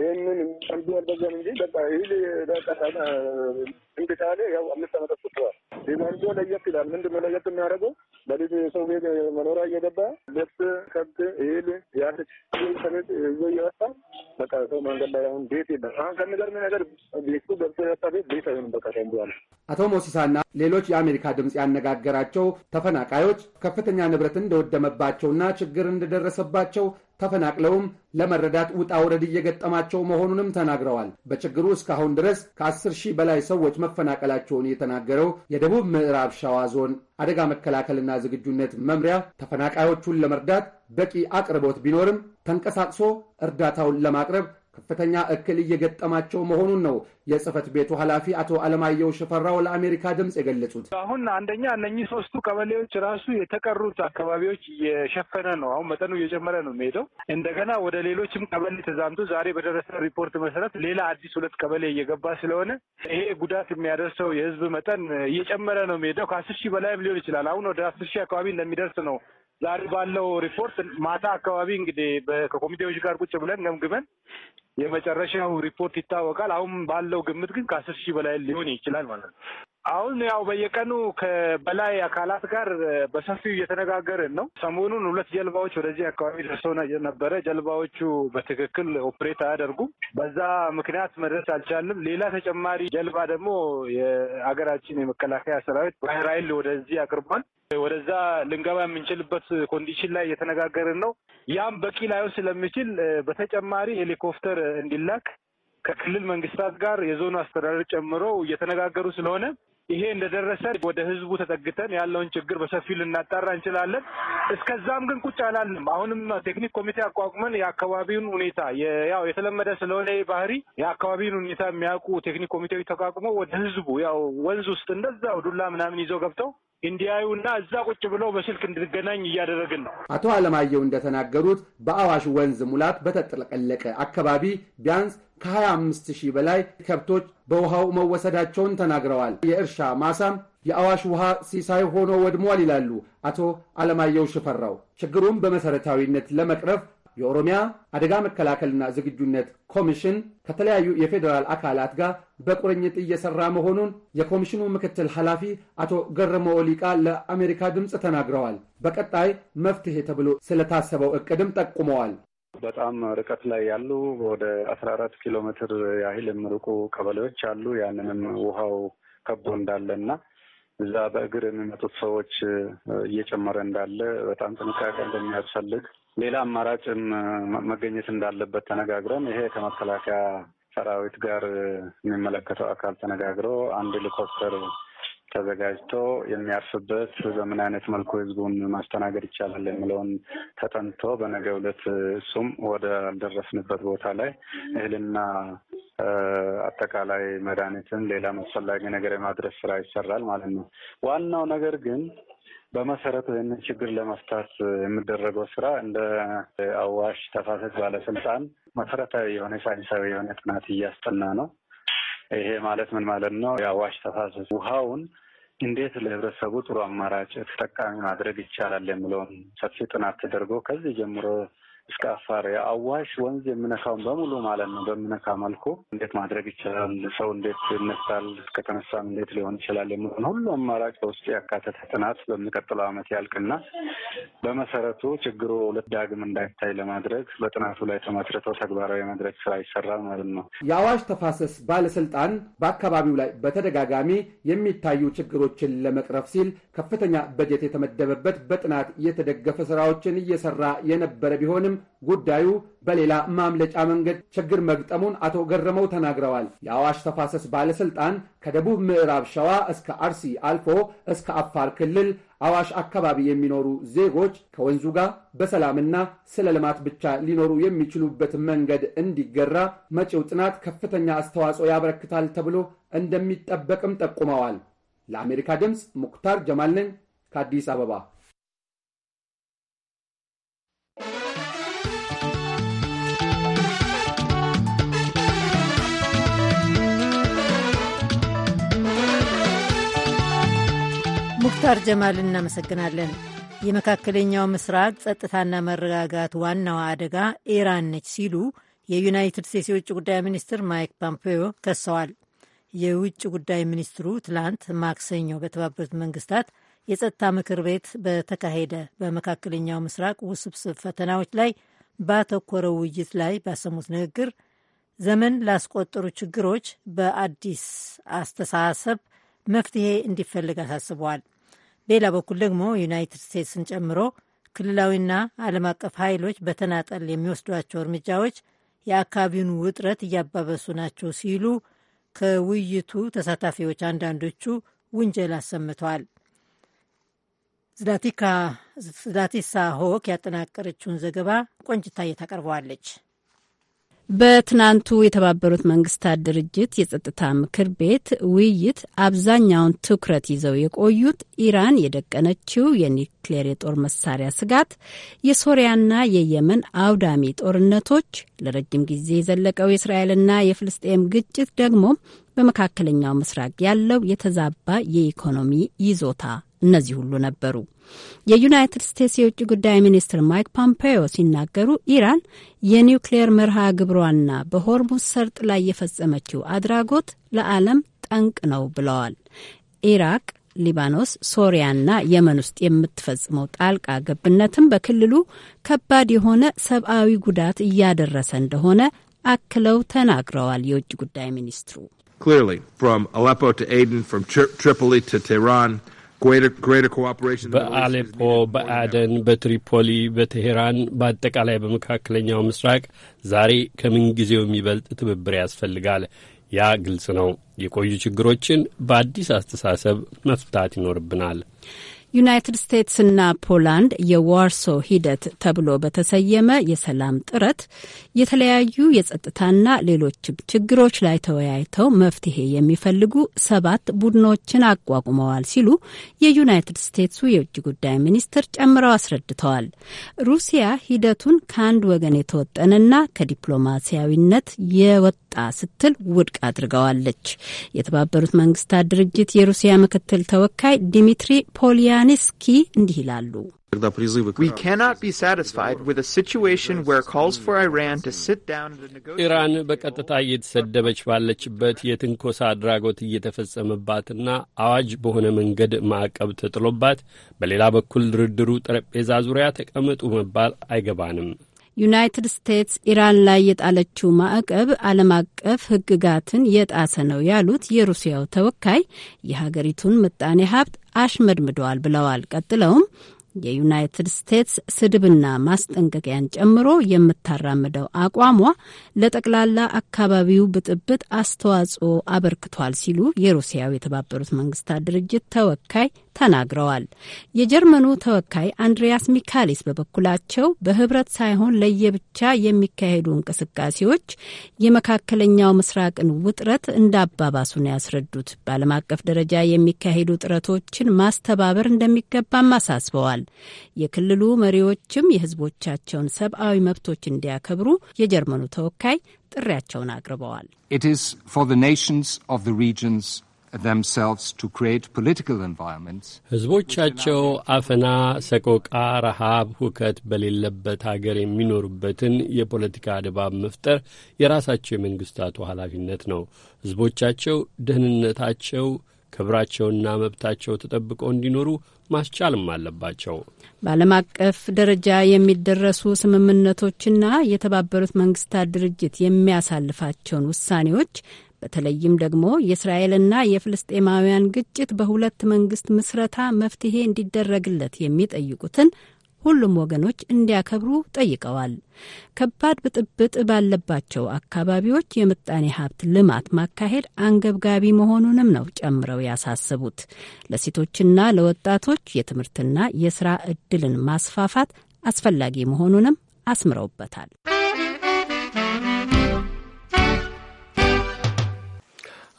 ይህንን አንዱ አልበዛም እንጂ በቃ ይህ እንግታሌ ያው አምስት አመት ስጥተዋል። ዲማርጎ ለየት ይላል። ምንድን ነው ለየት የሚያደርገው? በሊት ሰው ቤት መኖሪያ እየገባ ልብስ፣ ከብት፣ ይህል ያለች ከቤት ይዞ እየወጣ በቃ ሰው መንገድ ላይ አሁን ቤት የለም። አሁን ከሚገርም ነገር ቤቱ ገብቶ የወጣ ቤት ቤት አይሆንም። በቃ ተንዋል አቶ ሞሲሳና ሌሎች የአሜሪካ ድምፅ ያነጋገራቸው ተፈናቃ ተፈናቃዮች ከፍተኛ ንብረት እንደወደመባቸውና ችግር እንደደረሰባቸው ተፈናቅለውም ለመረዳት ውጣ ውረድ እየገጠማቸው መሆኑንም ተናግረዋል። በችግሩ እስካሁን ድረስ ከአስር ሺህ በላይ ሰዎች መፈናቀላቸውን የተናገረው የደቡብ ምዕራብ ሸዋ ዞን አደጋ መከላከልና ዝግጁነት መምሪያ ተፈናቃዮቹን ለመርዳት በቂ አቅርቦት ቢኖርም ተንቀሳቅሶ እርዳታውን ለማቅረብ ከፍተኛ እክል እየገጠማቸው መሆኑን ነው የጽህፈት ቤቱ ኃላፊ አቶ አለማየሁ ሽፈራው ለአሜሪካ ድምፅ የገለጹት። አሁን አንደኛ እነኚህ ሶስቱ ቀበሌዎች ራሱ የተቀሩት አካባቢዎች እየሸፈነ ነው። አሁን መጠኑ እየጨመረ ነው የሚሄደው። እንደገና ወደ ሌሎችም ቀበሌ ተዛምቶ ዛሬ በደረሰ ሪፖርት መሰረት ሌላ አዲስ ሁለት ቀበሌ እየገባ ስለሆነ ይሄ ጉዳት የሚያደርሰው የህዝብ መጠን እየጨመረ ነው የሚሄደው። ከአስር ሺህ በላይም ሊሆን ይችላል። አሁን ወደ አስር ሺህ አካባቢ እንደሚደርስ ነው ዛሬ ባለው ሪፖርት ማታ አካባቢ እንግዲህ ከኮሚቴዎች ጋር ቁጭ ብለን ገምግመን የመጨረሻው ሪፖርት ይታወቃል። አሁን ባለው ግምት ግን ከአስር ሺህ በላይ ሊሆን ይችላል ማለት ነው። አሁን ያው በየቀኑ ከበላይ አካላት ጋር በሰፊው እየተነጋገርን ነው። ሰሞኑን ሁለት ጀልባዎች ወደዚህ አካባቢ ደርሰው ነበረ። ጀልባዎቹ በትክክል ኦፕሬት አያደርጉም። በዛ ምክንያት መድረስ አልቻልንም። ሌላ ተጨማሪ ጀልባ ደግሞ የሀገራችን የመከላከያ ሰራዊት ባህር ኃይል ወደዚህ አቅርቧል። ወደዛ ልንገባ የምንችልበት ኮንዲሽን ላይ እየተነጋገርን ነው። ያም በቂ ላይሆን ስለሚችል በተጨማሪ ሄሊኮፕተር እንዲላክ ከክልል መንግስታት ጋር የዞኑ አስተዳደር ጨምሮ እየተነጋገሩ ስለሆነ ይሄ እንደደረሰ ወደ ህዝቡ ተጠግተን ያለውን ችግር በሰፊው ልናጣራ እንችላለን። እስከዛም ግን ቁጭ አላልንም። አሁንም ቴክኒክ ኮሚቴ አቋቁመን የአካባቢውን ሁኔታ ያው የተለመደ ስለሆነ ባህሪ የአካባቢውን ሁኔታ የሚያውቁ ቴክኒክ ኮሚቴዎች ተቋቁመው ወደ ህዝቡ ያው ወንዝ ውስጥ እንደዛው ዱላ ምናምን ይዘው ገብተው እንዲያዩና እዛ ቁጭ ብለው በስልክ እንድገናኝ እያደረግን ነው። አቶ አለማየሁ እንደተናገሩት በአዋሽ ወንዝ ሙላት በተጥለቀለቀ አካባቢ ቢያንስ ከ25 ሺህ በላይ ከብቶች በውሃው መወሰዳቸውን ተናግረዋል። የእርሻ ማሳም የአዋሽ ውሃ ሲሳይ ሆኖ ወድሟል ይላሉ አቶ አለማየሁ ሽፈራው። ችግሩን በመሠረታዊነት ለመቅረፍ የኦሮሚያ አደጋ መከላከልና ዝግጁነት ኮሚሽን ከተለያዩ የፌዴራል አካላት ጋር በቁርኝት እየሰራ መሆኑን የኮሚሽኑ ምክትል ኃላፊ አቶ ገረመ ኦሊቃ ለአሜሪካ ድምፅ ተናግረዋል። በቀጣይ መፍትሄ ተብሎ ስለታሰበው እቅድም ጠቁመዋል። በጣም ርቀት ላይ ያሉ ወደ አስራ አራት ኪሎ ሜትር ያህል የሚርቁ ቀበሌዎች አሉ። ያንንም ውሃው ከቦ እንዳለና እዛ በእግር የሚመጡት ሰዎች እየጨመረ እንዳለ በጣም ጥንቃቄ እንደሚያስፈልግ ሌላ አማራጭም መገኘት እንዳለበት ተነጋግረን ይሄ ከመከላከያ ሰራዊት ጋር የሚመለከተው አካል ተነጋግሮ አንድ ሄሊኮፕተር ተዘጋጅቶ የሚያርፍበት በምን አይነት መልኩ ህዝቡን ማስተናገድ ይቻላል የሚለውን ተጠንቶ በነገ ዕለት እሱም ወደ አልደረስንበት ቦታ ላይ እህልና አጠቃላይ መድኃኒትን ሌላም አስፈላጊ ነገር የማድረስ ስራ ይሰራል ማለት ነው። ዋናው ነገር ግን በመሰረቱ ይህንን ችግር ለመፍታት የሚደረገው ስራ እንደ አዋሽ ተፋሰስ ባለስልጣን መሰረታዊ የሆነ ሳይንሳዊ የሆነ ጥናት እያስጠና ነው። ይሄ ማለት ምን ማለት ነው? የአዋሽ ተፋሰስ ውሃውን እንዴት ለህብረተሰቡ ጥሩ አማራጭ ተጠቃሚ ማድረግ ይቻላል የሚለውን ሰፊ ጥናት ተደርጎ ከዚህ ጀምሮ እስከ አፋር አዋሽ ወንዝ የምነካውን በሙሉ ማለት ነው በምነካ መልኩ እንዴት ማድረግ ይችላል፣ ሰው እንዴት ይነሳል፣ ከተነሳም እንዴት ሊሆን ይችላል የሚሆን ሁሉ አማራጭ በውስጥ ያካተተ ጥናት በሚቀጥለው ዓመት ያልቅና በመሰረቱ ችግሩ ሁለት ዳግም እንዳይታይ ለማድረግ በጥናቱ ላይ ተመስርተው ተግባራዊ የማድረግ ስራ ይሰራል ማለት ነው። የአዋሽ ተፋሰስ ባለስልጣን በአካባቢው ላይ በተደጋጋሚ የሚታዩ ችግሮችን ለመቅረፍ ሲል ከፍተኛ በጀት የተመደበበት በጥናት የተደገፈ ስራዎችን እየሰራ የነበረ ቢሆንም ቢሆንም ጉዳዩ በሌላ ማምለጫ መንገድ ችግር መግጠሙን አቶ ገረመው ተናግረዋል። የአዋሽ ተፋሰስ ባለሥልጣን ከደቡብ ምዕራብ ሸዋ እስከ አርሲ አልፎ እስከ አፋር ክልል አዋሽ አካባቢ የሚኖሩ ዜጎች ከወንዙ ጋር በሰላምና ስለ ልማት ብቻ ሊኖሩ የሚችሉበት መንገድ እንዲገራ መጪው ጥናት ከፍተኛ አስተዋጽኦ ያበረክታል ተብሎ እንደሚጠበቅም ጠቁመዋል። ለአሜሪካ ድምፅ ሙክታር ጀማል ነኝ ከአዲስ አበባ ሙክታር ጀማል እናመሰግናለን። የመካከለኛው ምስራቅ ጸጥታና መረጋጋት ዋናዋ አደጋ ኢራን ነች ሲሉ የዩናይትድ ስቴትስ የውጭ ጉዳይ ሚኒስትር ማይክ ፖምፔዮ ከሰዋል። የውጭ ጉዳይ ሚኒስትሩ ትላንት ማክሰኞ በተባበሩት መንግስታት የጸጥታ ምክር ቤት በተካሄደ በመካከለኛው ምስራቅ ውስብስብ ፈተናዎች ላይ ባተኮረ ውይይት ላይ ባሰሙት ንግግር ዘመን ላስቆጠሩ ችግሮች በአዲስ አስተሳሰብ መፍትሄ እንዲፈልግ አሳስበዋል። በሌላ በኩል ደግሞ ዩናይትድ ስቴትስን ጨምሮ ክልላዊና ዓለም አቀፍ ኃይሎች በተናጠል የሚወስዷቸው እርምጃዎች የአካባቢውን ውጥረት እያባበሱ ናቸው ሲሉ ከውይይቱ ተሳታፊዎች አንዳንዶቹ ውንጀል አሰምተዋል። ዝላቲሳ ሆክ ያጠናቀረችውን ዘገባ ቆንጅታ ታቀርበዋለች። በትናንቱ የተባበሩት መንግስታት ድርጅት የጸጥታ ምክር ቤት ውይይት አብዛኛውን ትኩረት ይዘው የቆዩት ኢራን የደቀነችው የኒክሌር የጦር መሳሪያ ስጋት፣ የሶሪያና የየመን አውዳሚ ጦርነቶች፣ ለረጅም ጊዜ የዘለቀው የእስራኤልና የፍልስጤም ግጭት ደግሞ በመካከለኛው ምስራቅ ያለው የተዛባ የኢኮኖሚ ይዞታ እነዚህ ሁሉ ነበሩ። የዩናይትድ ስቴትስ የውጭ ጉዳይ ሚኒስትር ማይክ ፖምፔዮ ሲናገሩ ኢራን የኒውክሌየር መርሃ ግብሯና በሆርሙዝ ሰርጥ ላይ የፈጸመችው አድራጎት ለዓለም ጠንቅ ነው ብለዋል። ኢራቅ፣ ሊባኖስ፣ ሶሪያና የመን ውስጥ የምትፈጽመው ጣልቃ ገብነትም በክልሉ ከባድ የሆነ ሰብአዊ ጉዳት እያደረሰ እንደሆነ አክለው ተናግረዋል። የውጭ ጉዳይ ሚኒስትሩ Clearly, from Aleppo to Aden, በአሌፖ፣ በአደን፣ በትሪፖሊ፣ በቴሄራን፣ በአጠቃላይ በመካከለኛው ምስራቅ ዛሬ ከምንጊዜው የሚበልጥ ትብብር ያስፈልጋል። ያ ግልጽ ነው። የቆዩ ችግሮችን በአዲስ አስተሳሰብ መፍታት ይኖርብናል። ዩናይትድ ስቴትስና ፖላንድ የዋርሶ ሂደት ተብሎ በተሰየመ የሰላም ጥረት የተለያዩ የጸጥታና ሌሎችም ችግሮች ላይ ተወያይተው መፍትሄ የሚፈልጉ ሰባት ቡድኖችን አቋቁመዋል ሲሉ የዩናይትድ ስቴትሱ የውጭ ጉዳይ ሚኒስትር ጨምረው አስረድተዋል። ሩሲያ ሂደቱን ከአንድ ወገን የተወጠነና ከዲፕሎማሲያዊነት የወጣ ስትል ውድቅ አድርገዋለች። የተባበሩት መንግስታት ድርጅት የሩሲያ ምክትል ተወካይ ዲሚትሪ ፖሊያ ዮሃንስኪ እንዲህ ይላሉ። ኢራን በቀጥታ እየተሰደበች ባለችበት የትንኮሳ አድራጎት እየተፈጸመባትና አዋጅ በሆነ መንገድ ማዕቀብ ተጥሎባት፣ በሌላ በኩል ድርድሩ ጠረጴዛ ዙሪያ ተቀመጡ መባል አይገባንም። ዩናይትድ ስቴትስ ኢራን ላይ የጣለችው ማዕቀብ ዓለም አቀፍ ሕግጋትን የጣሰ ነው ያሉት የሩሲያው ተወካይ የሀገሪቱን ምጣኔ ሀብት አሽመድምደዋል ብለዋል። ቀጥለውም የዩናይትድ ስቴትስ ስድብና ማስጠንቀቂያን ጨምሮ የምታራምደው አቋሟ ለጠቅላላ አካባቢው ብጥብጥ አስተዋጽኦ አበርክቷል ሲሉ የሩሲያው የተባበሩት መንግስታት ድርጅት ተወካይ ተናግረዋል። የጀርመኑ ተወካይ አንድሪያስ ሚካሊስ በበኩላቸው በህብረት ሳይሆን ለየብቻ የሚካሄዱ እንቅስቃሴዎች የመካከለኛው ምስራቅን ውጥረት እንዳባባሱ ነው ያስረዱት። በዓለም አቀፍ ደረጃ የሚካሄዱ ጥረቶችን ማስተባበር እንደሚገባም አሳስበዋል። የክልሉ መሪዎችም የህዝቦቻቸውን ሰብአዊ መብቶች እንዲያከብሩ የጀርመኑ ተወካይ ጥሪያቸውን አቅርበዋል። It is for the nations of the regions ሕዝቦቻቸው አፈና፣ ሰቆቃ፣ ረሃብ፣ ሁከት በሌለበት አገር የሚኖሩበትን የፖለቲካ ድባብ መፍጠር የራሳቸው የመንግስታቱ ኃላፊነት ነው። ሕዝቦቻቸው ደህንነታቸው ክብራቸውና መብታቸው ተጠብቀው እንዲኖሩ ማስቻልም አለባቸው። በዓለም አቀፍ ደረጃ የሚደረሱ ስምምነቶችና የተባበሩት መንግስታት ድርጅት የሚያሳልፋቸውን ውሳኔዎች በተለይም ደግሞ የእስራኤልና የፍልስጤማውያን ግጭት በሁለት መንግስት ምስረታ መፍትሄ እንዲደረግለት የሚጠይቁትን ሁሉም ወገኖች እንዲያከብሩ ጠይቀዋል። ከባድ ብጥብጥ ባለባቸው አካባቢዎች የምጣኔ ሀብት ልማት ማካሄድ አንገብጋቢ መሆኑንም ነው ጨምረው ያሳሰቡት። ለሴቶችና ለወጣቶች የትምህርትና የስራ እድልን ማስፋፋት አስፈላጊ መሆኑንም አስምረውበታል።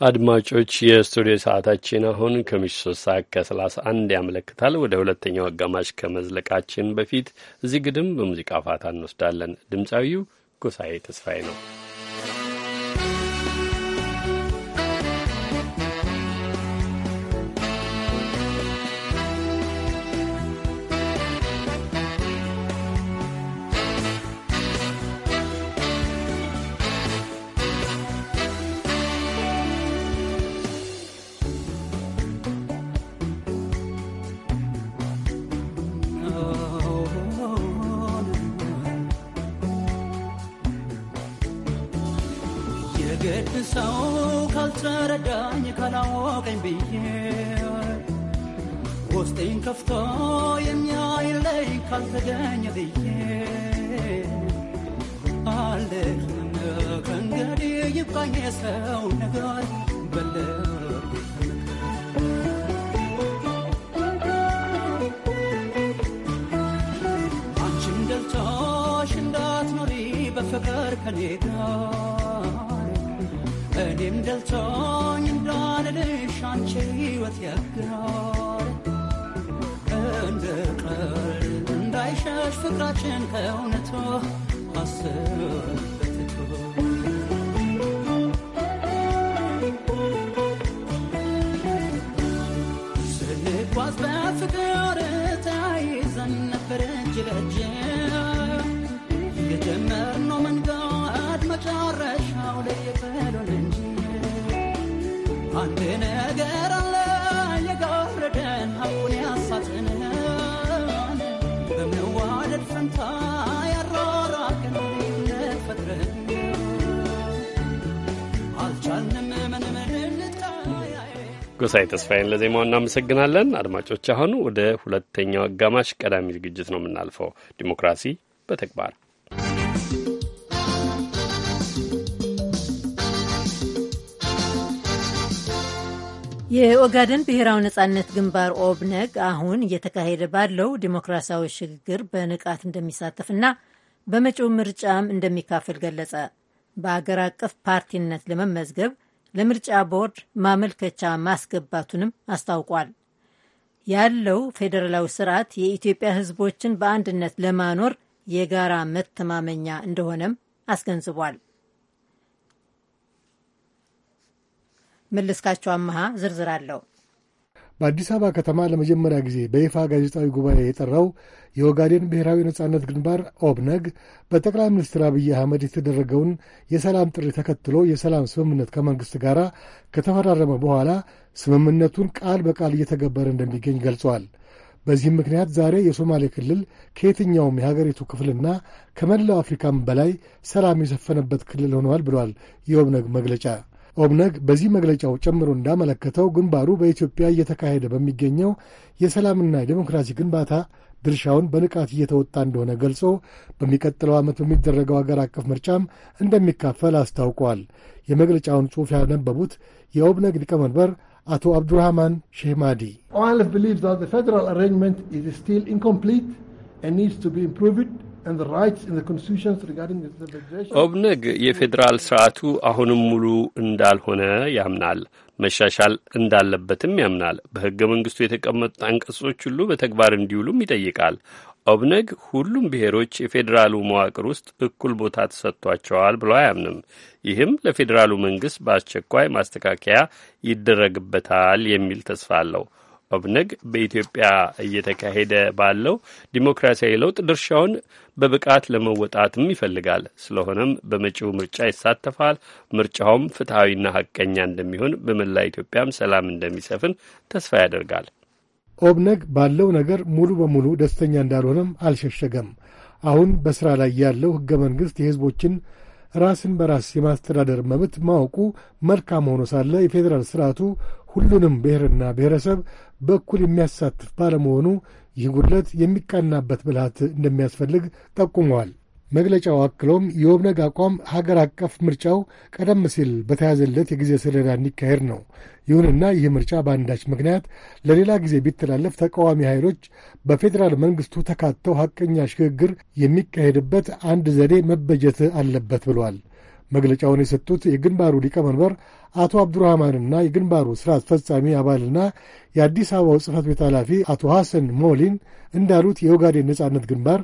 አድማጮች የስቱዲዮ ሰዓታችን አሁን ከምሽቱ ሶስት ሰዓት ከሰላሳ አንድ ያመለክታል። ወደ ሁለተኛው አጋማሽ ከመዝለቃችን በፊት እዚህ ግድም በሙዚቃ ፋታ እንወስዳለን። ድምፃዊው ጎሳዬ ተስፋዬ ነው። የሰው ነገር በለው አንቺን ደልቶሽ እንዳትኖሪ በፍቅር ከኔ ጋር እኔም ደልቶኝ እንዳልልሽ አንቺ ሕይወት ያጋር እንደ ቀልድ እንዳይሸሽ ፍቅራችን ከእውነቱ አስብ ጎሳዬ ተስፋዬን ለዜማው እናመሰግናለን። አድማጮች፣ አሁን ወደ ሁለተኛው አጋማሽ ቀዳሚ ዝግጅት ነው የምናልፈው፣ ዲሞክራሲ በተግባር የኦጋደን ብሔራዊ ነጻነት ግንባር ኦብነግ አሁን እየተካሄደ ባለው ዲሞክራሲያዊ ሽግግር በንቃት እንደሚሳተፍና በመጪው ምርጫም እንደሚካፈል ገለጸ። በአገር አቀፍ ፓርቲነት ለመመዝገብ ለምርጫ ቦርድ ማመልከቻ ማስገባቱንም አስታውቋል። ያለው ፌዴራላዊ ስርዓት የኢትዮጵያ ህዝቦችን በአንድነት ለማኖር የጋራ መተማመኛ እንደሆነም አስገንዝቧል። መለስካቸው አመሃ ዝርዝር አለው። በአዲስ አበባ ከተማ ለመጀመሪያ ጊዜ በይፋ ጋዜጣዊ ጉባኤ የጠራው የኦጋዴን ብሔራዊ ነጻነት ግንባር ኦብነግ በጠቅላይ ሚኒስትር አብይ አህመድ የተደረገውን የሰላም ጥሪ ተከትሎ የሰላም ስምምነት ከመንግሥት ጋር ከተፈራረመ በኋላ ስምምነቱን ቃል በቃል እየተገበረ እንደሚገኝ ገልጿል። በዚህም ምክንያት ዛሬ የሶማሌ ክልል ከየትኛውም የሀገሪቱ ክፍልና ከመላው አፍሪካም በላይ ሰላም የሰፈነበት ክልል ሆነዋል ብሏል የኦብነግ መግለጫ። ኦብነግ በዚህ መግለጫው ጨምሮ እንዳመለከተው ግንባሩ በኢትዮጵያ እየተካሄደ በሚገኘው የሰላምና የዴሞክራሲ ግንባታ ድርሻውን በንቃት እየተወጣ እንደሆነ ገልጾ በሚቀጥለው ዓመት በሚደረገው አገር አቀፍ ምርጫም እንደሚካፈል አስታውቋል። የመግለጫውን ጽሑፍ ያነበቡት የኦብነግ ሊቀመንበር አቶ አብዱራህማን ሼህማዲ ኦኤልኤፍ ቢሊቭስ ዘ ፌደራል አሬንጅመንት ኢዝ ስቲል ኢንኮምፕሊት ኤንድ ኒድስ ቱ ቢ ኢምፕሩቭድ ኦብነግ የፌዴራል ስርዓቱ አሁንም ሙሉ እንዳልሆነ ያምናል፣ መሻሻል እንዳለበትም ያምናል። በሕገ መንግስቱ የተቀመጡት አንቀጾች ሁሉ በተግባር እንዲውሉም ይጠይቃል። ኦብነግ ሁሉም ብሔሮች የፌዴራሉ መዋቅር ውስጥ እኩል ቦታ ተሰጥቷቸዋል ብሎ አያምንም። ይህም ለፌዴራሉ መንግስት በአስቸኳይ ማስተካከያ ይደረግበታል የሚል ተስፋ አለው። ኦብነግ በኢትዮጵያ እየተካሄደ ባለው ዲሞክራሲያዊ ለውጥ ድርሻውን በብቃት ለመወጣትም ይፈልጋል። ስለሆነም በመጪው ምርጫ ይሳተፋል። ምርጫውም ፍትሐዊና ሀቀኛ እንደሚሆን፣ በመላ ኢትዮጵያም ሰላም እንደሚሰፍን ተስፋ ያደርጋል። ኦብነግ ባለው ነገር ሙሉ በሙሉ ደስተኛ እንዳልሆነም አልሸሸገም። አሁን በሥራ ላይ ያለው ሕገ መንግሥት የሕዝቦችን ራስን በራስ የማስተዳደር መብት ማወቁ መልካም ሆኖ ሳለ የፌዴራል ስርዓቱ ሁሉንም ብሔርና ብሔረሰብ በኩል የሚያሳትፍ ባለመሆኑ ይህ ጉድለት የሚቃናበት ብልሃት እንደሚያስፈልግ ጠቁመዋል። መግለጫው አክሎም የኦብነግ አቋም ሀገር አቀፍ ምርጫው ቀደም ሲል በተያዘለት የጊዜ ሰሌዳ እንዲካሄድ ነው። ይሁንና ይህ ምርጫ በአንዳች ምክንያት ለሌላ ጊዜ ቢተላለፍ ተቃዋሚ ኃይሎች በፌዴራል መንግስቱ ተካተው ሐቀኛ ሽግግር የሚካሄድበት አንድ ዘዴ መበጀት አለበት ብሏል። መግለጫውን የሰጡት የግንባሩ ሊቀመንበር አቶ አብዱራህማንና የግንባሩ ሥራ አስፈጻሚ አባልና የአዲስ አበባው ጽህፈት ቤት ኃላፊ አቶ ሐሰን ሞሊን እንዳሉት የኦጋዴን ነጻነት ግንባር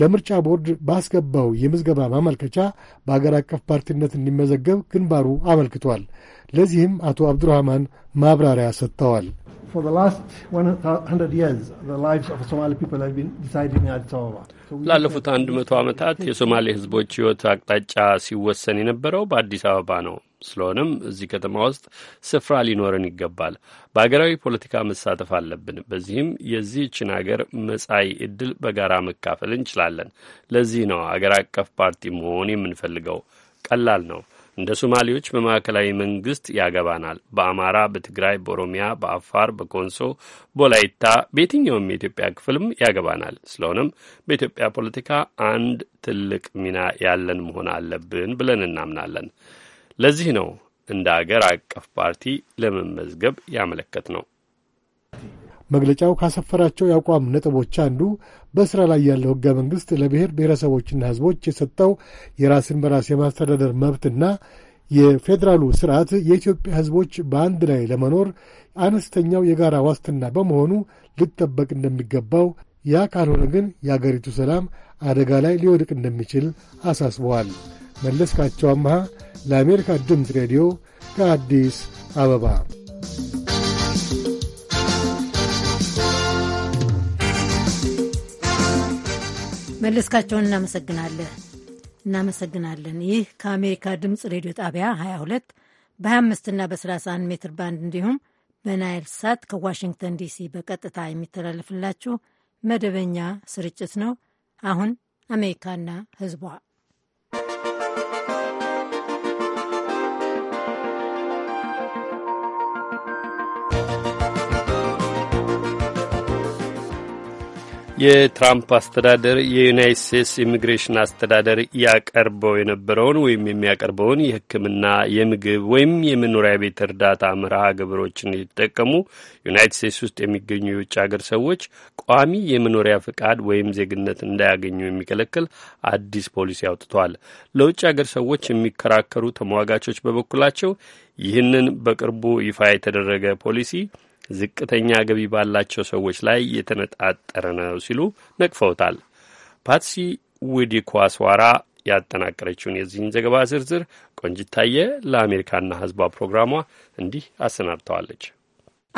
ለምርጫ ቦርድ ባስገባው የምዝገባ ማመልከቻ በአገር አቀፍ ፓርቲነት እንዲመዘገብ ግንባሩ አመልክቷል። ለዚህም አቶ አብዱራህማን ማብራሪያ ሰጥተዋል። ላለፉት አንድ መቶ ዓመታት የሶማሌ ህዝቦች ሕይወት አቅጣጫ ሲወሰን የነበረው በአዲስ አበባ ነው። ስለሆነም እዚህ ከተማ ውስጥ ስፍራ ሊኖረን ይገባል። በሀገራዊ ፖለቲካ መሳተፍ አለብን። በዚህም የዚህችን ሀገር መጻኢ እድል በጋራ መካፈል እንችላለን። ለዚህ ነው አገር አቀፍ ፓርቲ መሆን የምንፈልገው። ቀላል ነው። እንደ ሶማሌዎች በማዕከላዊ መንግስት ያገባናል። በአማራ፣ በትግራይ፣ በኦሮሚያ፣ በአፋር፣ በኮንሶ፣ በወላይታ በየትኛውም የኢትዮጵያ ክፍልም ያገባናል። ስለሆነም በኢትዮጵያ ፖለቲካ አንድ ትልቅ ሚና ያለን መሆን አለብን ብለን እናምናለን። ለዚህ ነው እንደ አገር አቀፍ ፓርቲ ለመመዝገብ ያመለከት ነው። መግለጫው ካሰፈራቸው የአቋም ነጥቦች አንዱ በስራ ላይ ያለው ህገ መንግሥት ለብሔር ብሔረሰቦችና ሕዝቦች የሰጠው የራስን በራስ የማስተዳደር መብትና የፌዴራሉ ስርዓት የኢትዮጵያ ሕዝቦች በአንድ ላይ ለመኖር አነስተኛው የጋራ ዋስትና በመሆኑ ሊጠበቅ እንደሚገባው፣ ያ ካልሆነ ግን የአገሪቱ ሰላም አደጋ ላይ ሊወድቅ እንደሚችል አሳስበዋል። መለስካቸው አመሃ ለአሜሪካ ድምፅ ሬዲዮ ከአዲስ አበባ። መለስካቸውን እናመሰግናለን እናመሰግናለን። ይህ ከአሜሪካ ድምፅ ሬዲዮ ጣቢያ 22 በ25 እና በ31 ሜትር ባንድ እንዲሁም በናይል ሳት ከዋሽንግተን ዲሲ በቀጥታ የሚተላለፍላችሁ መደበኛ ስርጭት ነው። አሁን አሜሪካና ሕዝቧ የትራምፕ አስተዳደር የዩናይት ስቴትስ ኢሚግሬሽን አስተዳደር ያቀርበው የነበረውን ወይም የሚያቀርበውን የሕክምና የምግብ ወይም የመኖሪያ ቤት እርዳታ መርሃ ግብሮችን የተጠቀሙ ዩናይት ስቴትስ ውስጥ የሚገኙ የውጭ ሀገር ሰዎች ቋሚ የመኖሪያ ፍቃድ ወይም ዜግነት እንዳያገኙ የሚከለክል አዲስ ፖሊሲ አውጥቷል። ለውጭ ሀገር ሰዎች የሚከራከሩ ተሟጋቾች በበኩላቸው ይህንን በቅርቡ ይፋ የተደረገ ፖሊሲ ዝቅተኛ ገቢ ባላቸው ሰዎች ላይ የተነጣጠረ ነው ሲሉ ነቅፈውታል። ፓትሲ ኳስዋራ ያጠናቀረችውን የዚህን ዘገባ ዝርዝር ቆንጅታየ ለአሜሪካና ሕዝቧ ፕሮግራሟ እንዲህ አሰናድተዋለች።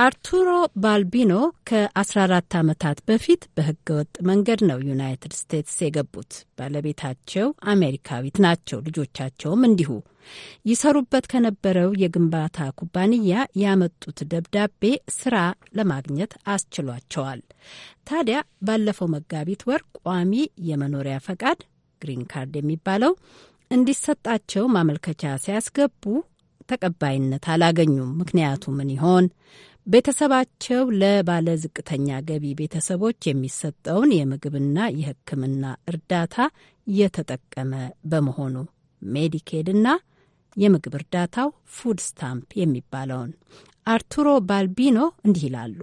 አርቱሮ ባልቢኖ ከ14 ዓመታት በፊት በህገወጥ መንገድ ነው ዩናይትድ ስቴትስ የገቡት። ባለቤታቸው አሜሪካዊት ናቸው። ልጆቻቸውም እንዲሁ። ይሰሩበት ከነበረው የግንባታ ኩባንያ ያመጡት ደብዳቤ ስራ ለማግኘት አስችሏቸዋል። ታዲያ ባለፈው መጋቢት ወር ቋሚ የመኖሪያ ፈቃድ ግሪን ካርድ የሚባለው እንዲሰጣቸው ማመልከቻ ሲያስገቡ ተቀባይነት አላገኙም። ምክንያቱ ምን ይሆን? ቤተሰባቸው ለባለ ዝቅተኛ ገቢ ቤተሰቦች የሚሰጠውን የምግብና የሕክምና እርዳታ እየተጠቀመ በመሆኑ ሜዲኬድና የምግብ እርዳታው ፉድ ስታምፕ የሚባለውን አርቱሮ ባልቢኖ እንዲህ ይላሉ።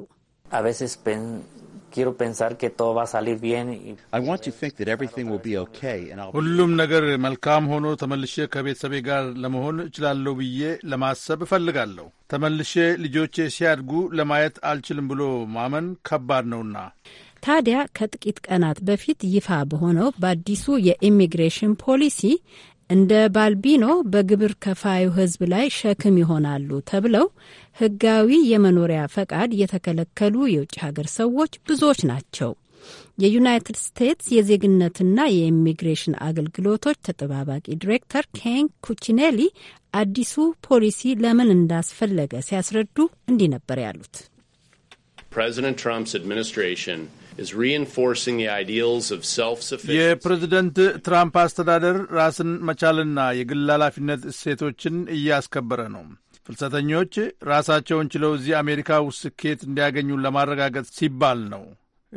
quiero pensar que todo va a salir bien. ሁሉም ነገር መልካም ሆኖ ተመልሼ ከቤተሰቤ ጋር ለመሆን እችላለሁ ብዬ ለማሰብ እፈልጋለሁ። ተመልሼ ልጆቼ ሲያድጉ ለማየት አልችልም ብሎ ማመን ከባድ ነውና። ታዲያ ከጥቂት ቀናት በፊት ይፋ በሆነው በአዲሱ የኢሚግሬሽን ፖሊሲ እንደ ባልቢኖ በግብር ከፋዩ ሕዝብ ላይ ሸክም ይሆናሉ ተብለው ሕጋዊ የመኖሪያ ፈቃድ የተከለከሉ የውጭ ሀገር ሰዎች ብዙዎች ናቸው። የዩናይትድ ስቴትስ የዜግነትና የኢሚግሬሽን አገልግሎቶች ተጠባባቂ ዲሬክተር ኬን ኩቺኔሊ አዲሱ ፖሊሲ ለምን እንዳስፈለገ ሲያስረዱ እንዲህ ነበር ያሉት ፕሬዚደንት ትራምፕስ አድሚኒስትሬሽን የፕሬዝደንት ትራምፕ አስተዳደር ራስን መቻልና የግል ኃላፊነት እሴቶችን እያስከበረ ነው። ፍልሰተኞች ራሳቸውን ችለው እዚህ አሜሪካ ውስጥ ስኬት እንዲያገኙ ለማረጋገጥ ሲባል ነው።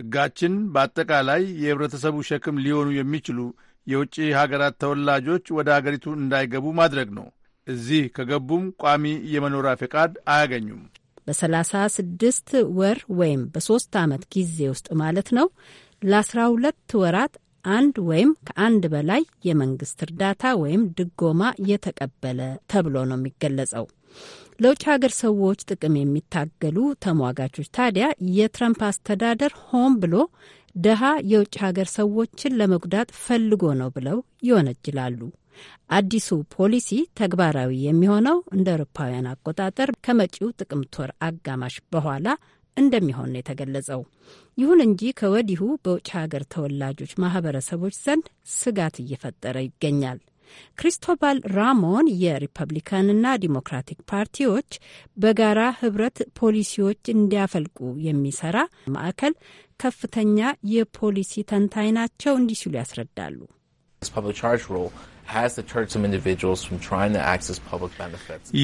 ሕጋችን በአጠቃላይ የህብረተሰቡ ሸክም ሊሆኑ የሚችሉ የውጭ ሀገራት ተወላጆች ወደ አገሪቱ እንዳይገቡ ማድረግ ነው። እዚህ ከገቡም ቋሚ የመኖሪያ ፈቃድ አያገኙም። በ36 ወር ወይም በ3 ዓመት ጊዜ ውስጥ ማለት ነው ለ12 ወራት አንድ ወይም ከአንድ በላይ የመንግስት እርዳታ ወይም ድጎማ የተቀበለ ተብሎ ነው የሚገለጸው። ለውጭ ሀገር ሰዎች ጥቅም የሚታገሉ ተሟጋቾች ታዲያ የትረምፕ አስተዳደር ሆን ብሎ ደሃ የውጭ ሀገር ሰዎችን ለመጉዳት ፈልጎ ነው ብለው ይወነጅላሉ። አዲሱ ፖሊሲ ተግባራዊ የሚሆነው እንደ አውሮፓውያን አቆጣጠር ከመጪው ጥቅምት ወር አጋማሽ በኋላ እንደሚሆን ነው የተገለጸው። ይሁን እንጂ ከወዲሁ በውጭ ሀገር ተወላጆች ማህበረሰቦች ዘንድ ስጋት እየፈጠረ ይገኛል። ክሪስቶባል ራሞን የሪፐብሊካንና ዲሞክራቲክ ፓርቲዎች በጋራ ህብረት ፖሊሲዎች እንዲያፈልቁ የሚሰራ ማዕከል ከፍተኛ የፖሊሲ ተንታኝ ናቸው። እንዲህ ሲሉ ያስረዳሉ።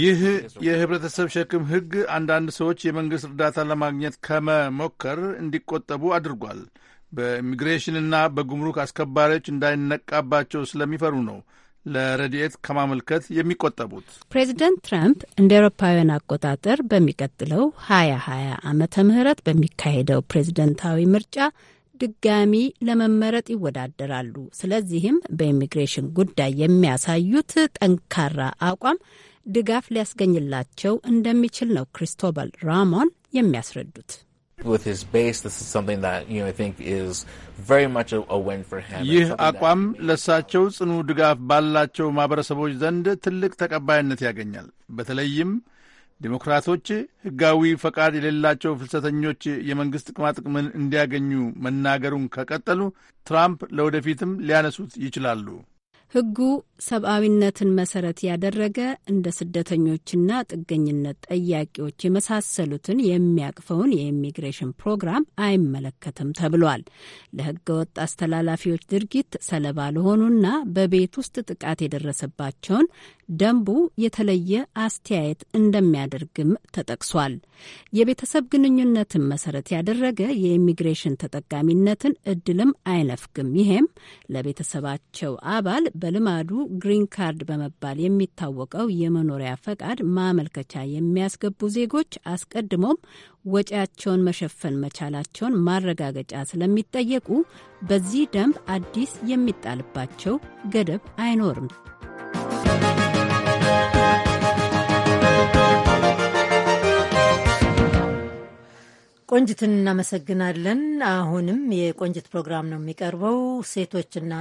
ይህ የህብረተሰብ ሸክም ህግ አንዳንድ ሰዎች የመንግሥት እርዳታ ለማግኘት ከመሞከር እንዲቆጠቡ አድርጓል። በኢሚግሬሽንና በጉምሩክ አስከባሪዎች እንዳይነቃባቸው ስለሚፈሩ ነው። ለረድኤት ከማመልከት የሚቆጠቡት ፕሬዚደንት ትራምፕ እንደ ኤሮፓውያን አቆጣጠር በሚቀጥለው 2020 ዓመተ ምህረት በሚካሄደው ፕሬዝደንታዊ ምርጫ ድጋሚ ለመመረጥ ይወዳደራሉ። ስለዚህም በኢሚግሬሽን ጉዳይ የሚያሳዩት ጠንካራ አቋም ድጋፍ ሊያስገኝላቸው እንደሚችል ነው ክሪስቶበል ራሞን የሚያስረዱት። ይህ አቋም ለሳቸው ጽኑ ድጋፍ ባላቸው ማህበረሰቦች ዘንድ ትልቅ ተቀባይነት ያገኛል። በተለይም ዴሞክራቶች ህጋዊ ፈቃድ የሌላቸው ፍልሰተኞች የመንግሥት ጥቅማጥቅምን እንዲያገኙ መናገሩን ከቀጠሉ ትራምፕ ለወደፊትም ሊያነሱት ይችላሉ። ሕጉ ሰብአዊነትን መሰረት ያደረገ እንደ ስደተኞችና ጥገኝነት ጠያቂዎች የመሳሰሉትን የሚያቅፈውን የኢሚግሬሽን ፕሮግራም አይመለከትም ተብሏል። ወጥ አስተላላፊዎች ድርጊት ሰለባ ለሆኑና በቤት ውስጥ ጥቃት የደረሰባቸውን ደንቡ የተለየ አስተያየት እንደሚያደርግም ተጠቅሷል። የቤተሰብ ግንኙነትን መሰረት ያደረገ የኢሚግሬሽን ተጠቃሚነትን እድልም አይነፍግም። ይሄም ለቤተሰባቸው አባል በልማዱ ግሪን ካርድ በመባል የሚታወቀው የመኖሪያ ፈቃድ ማመልከቻ የሚያስገቡ ዜጎች አስቀድሞም ወጪያቸውን መሸፈን መቻላቸውን ማረጋገጫ ስለሚጠየቁ በዚህ ደንብ አዲስ የሚጣልባቸው ገደብ አይኖርም። ቆንጅትን እናመሰግናለን። አሁንም የቆንጅት ፕሮግራም ነው የሚቀርበው። ሴቶችና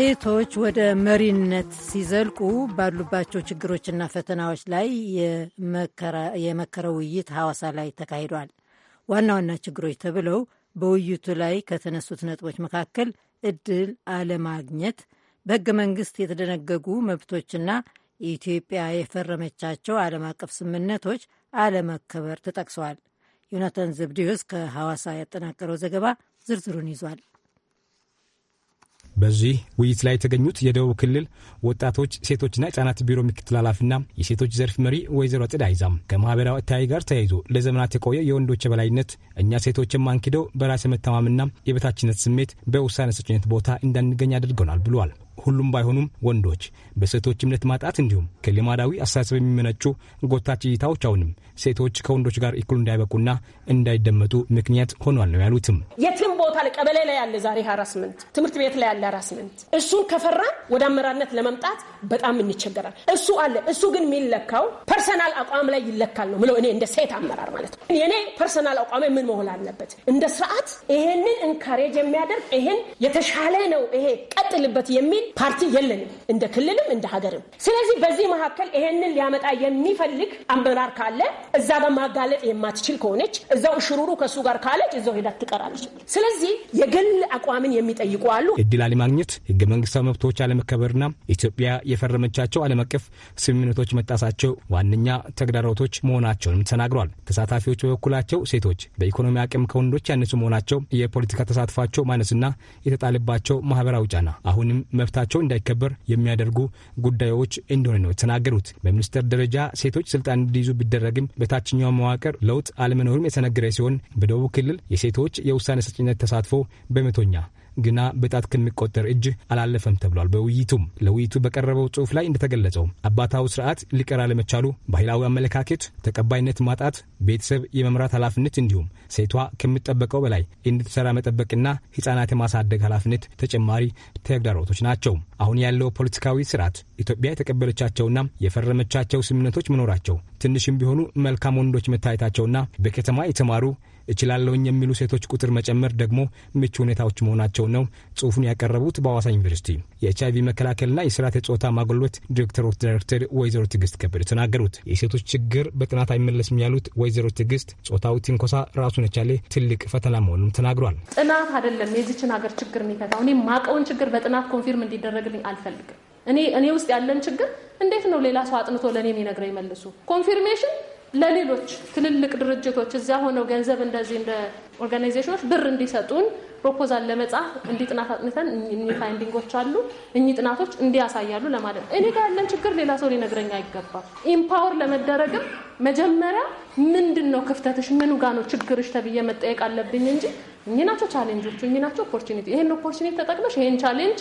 ሴቶች ወደ መሪነት ሲዘልቁ ባሉባቸው ችግሮችና ፈተናዎች ላይ የመከረ ውይይት ሐዋሳ ላይ ተካሂዷል። ዋና ዋና ችግሮች ተብለው በውይይቱ ላይ ከተነሱት ነጥቦች መካከል እድል አለማግኘት፣ በህገ መንግስት የተደነገጉ መብቶችና ኢትዮጵያ የፈረመቻቸው ዓለም አቀፍ ስምምነቶች አለመከበር ተጠቅሰዋል። ዮናታን ዘብዴዎስ ከሐዋሳ ያጠናቀረው ዘገባ ዝርዝሩን ይዟል። በዚህ ውይይት ላይ የተገኙት የደቡብ ክልል ወጣቶች ሴቶችና ህጻናት ቢሮ ምክትል ኃላፊና የሴቶች ዘርፍ መሪ ወይዘሮ ጥድ አይዛም ከማህበራዊ እታይ ጋር ተያይዞ ለዘመናት የቆየ የወንዶች የበላይነት እኛ ሴቶችን ማንኪደው በራስ የመተማምና የበታችነት ስሜት በውሳኔ ሰጭነት ቦታ እንዳንገኝ አድርገናል ብሏል። ሁሉም ባይሆኑም ወንዶች በሴቶች እምነት ማጣት እንዲሁም ከልማዳዊ አስተሳሰብ የሚመነጩ ጎታች እይታዎች አሁንም ሴቶች ከወንዶች ጋር እኩል እንዳይበቁና እንዳይደመጡ ምክንያት ሆኗል ነው ያሉትም። የትም ቦታ ቀበሌ ላይ ያለ ዛሬ ሀራስመንት፣ ትምህርት ቤት ላይ ያለ ሃራስመንት፣ እሱን ከፈራ ወደ አመራርነት ለመምጣት በጣም እንቸገራል። እሱ አለ። እሱ ግን የሚለካው ፐርሰናል አቋም ላይ ይለካል ነው ምለው። እኔ እንደ ሴት አመራር ማለት ነው የኔ ፐርሰናል አቋም ምን መሆን አለበት? እንደ ስርዓት ይሄንን እንካሬጅ የሚያደርግ ይሄን የተሻለ ነው ይሄ ቀጥልበት የሚል ፓርቲ የለንም እንደ ክልልም እንደ ሀገርም። ስለዚህ በዚህ መካከል ይሄንን ሊያመጣ የሚፈልግ አመራር ካለ እዛ በማጋለጥ ማጋለጥ የማትችል ከሆነች እዛው እሽሩሩ ከእሱ ጋር ካለች እዛው ሄዳ ትቀራለች። ስለዚህ የግል አቋምን የሚጠይቁ አሉ። እድል አለማግኘት፣ ህገ መንግስታዊ መብቶች አለመከበርና ኢትዮጵያ የፈረመቻቸው ዓለም አቀፍ ስምምነቶች መጣሳቸው ዋነኛ ተግዳሮቶች መሆናቸውንም ተናግሯል። ተሳታፊዎች በበኩላቸው ሴቶች በኢኮኖሚ አቅም ከወንዶች ያነሱ መሆናቸው፣ የፖለቲካ ተሳትፏቸው ማነስና የተጣለባቸው ማህበራዊ ጫና አሁንም መብት መብታቸው እንዳይከበር የሚያደርጉ ጉዳዮች እንደሆነ ነው የተናገሩት። በሚኒስቴር ደረጃ ሴቶች ስልጣን እንዲይዙ ቢደረግም በታችኛው መዋቅር ለውጥ አለመኖሩም የተነገረ ሲሆን በደቡብ ክልል የሴቶች የውሳኔ ሰጭነት ተሳትፎ በመቶኛ ግና በጣት ከሚቆጠር እጅ አላለፈም ተብሏል። በውይይቱም ለውይይቱ በቀረበው ጽሁፍ ላይ እንደተገለጸው አባታዊ ስርዓት ሊቀር አለመቻሉ፣ ባህላዊ አመለካከት ተቀባይነት ማጣት፣ ቤተሰብ የመምራት ኃላፊነት እንዲሁም ሴቷ ከሚጠበቀው በላይ እንድትሰራ መጠበቅና ህጻናት የማሳደግ ኃላፊነት ተጨማሪ ተግዳሮቶች ናቸው። አሁን ያለው ፖለቲካዊ ስርዓት ኢትዮጵያ የተቀበለቻቸውና የፈረመቻቸው ስምምነቶች መኖራቸው ትንሽም ቢሆኑ መልካም ወንዶች መታየታቸውና በከተማ የተማሩ እችላለውኝ የሚሉ ሴቶች ቁጥር መጨመር ደግሞ ምቹ ሁኔታዎች መሆናቸው ነው ጽሁፉን ያቀረቡት በአዋሳ ዩኒቨርሲቲ የኤች አይቪ መከላከልና የስርዓት የጾታ ማጎልበት ዲሬክተሮች ዳይሬክተር ወይዘሮ ትግስት ከበደ ተናገሩት። የሴቶች ችግር በጥናት አይመለስም ያሉት ወይዘሮ ትግስት ጾታዊ ትንኮሳ ራሱን የቻለ ትልቅ ፈተና መሆኑን ተናግሯል። ጥናት አይደለም የዚችን ሀገር ችግር የሚፈታው። እኔ ማቀውን ችግር በጥናት ኮንፊርም እንዲደረግልኝ አልፈልግም። እኔ እኔ ውስጥ ያለን ችግር እንዴት ነው ሌላ ሰው አጥንቶ ለእኔ የሚነግረው? ይመልሱ ኮንፊርሜሽን ለሌሎች ትልልቅ ድርጅቶች እዚያ ሆነው ገንዘብ እንደዚህ እንደ ኦርጋናይዜሽኖች ብር እንዲሰጡን ፕሮፖዛል ለመጻፍ እንዲህ ጥናት አጥንተን እኚህ ፋይንዲንጎች አሉ እኚህ ጥናቶች እንዲያሳያሉ ለማለት ነው። እኔ ጋር ያለን ችግር ሌላ ሰው ሊነግረኝ አይገባም። ኢምፓወር ለመደረግም መጀመሪያ ምንድን ነው ክፍተትሽ፣ ምኑ ጋ ነው ችግርሽ ተብዬ መጠየቅ አለብኝ እንጂ እኚህ ናቸው ቻሌንጆቹ፣ እኚህ ናቸው ኦፖርቹኒቲ። ይሄን ኦፖርቹኒቲ ተጠቅመሽ ይሄን ቻሌንጅ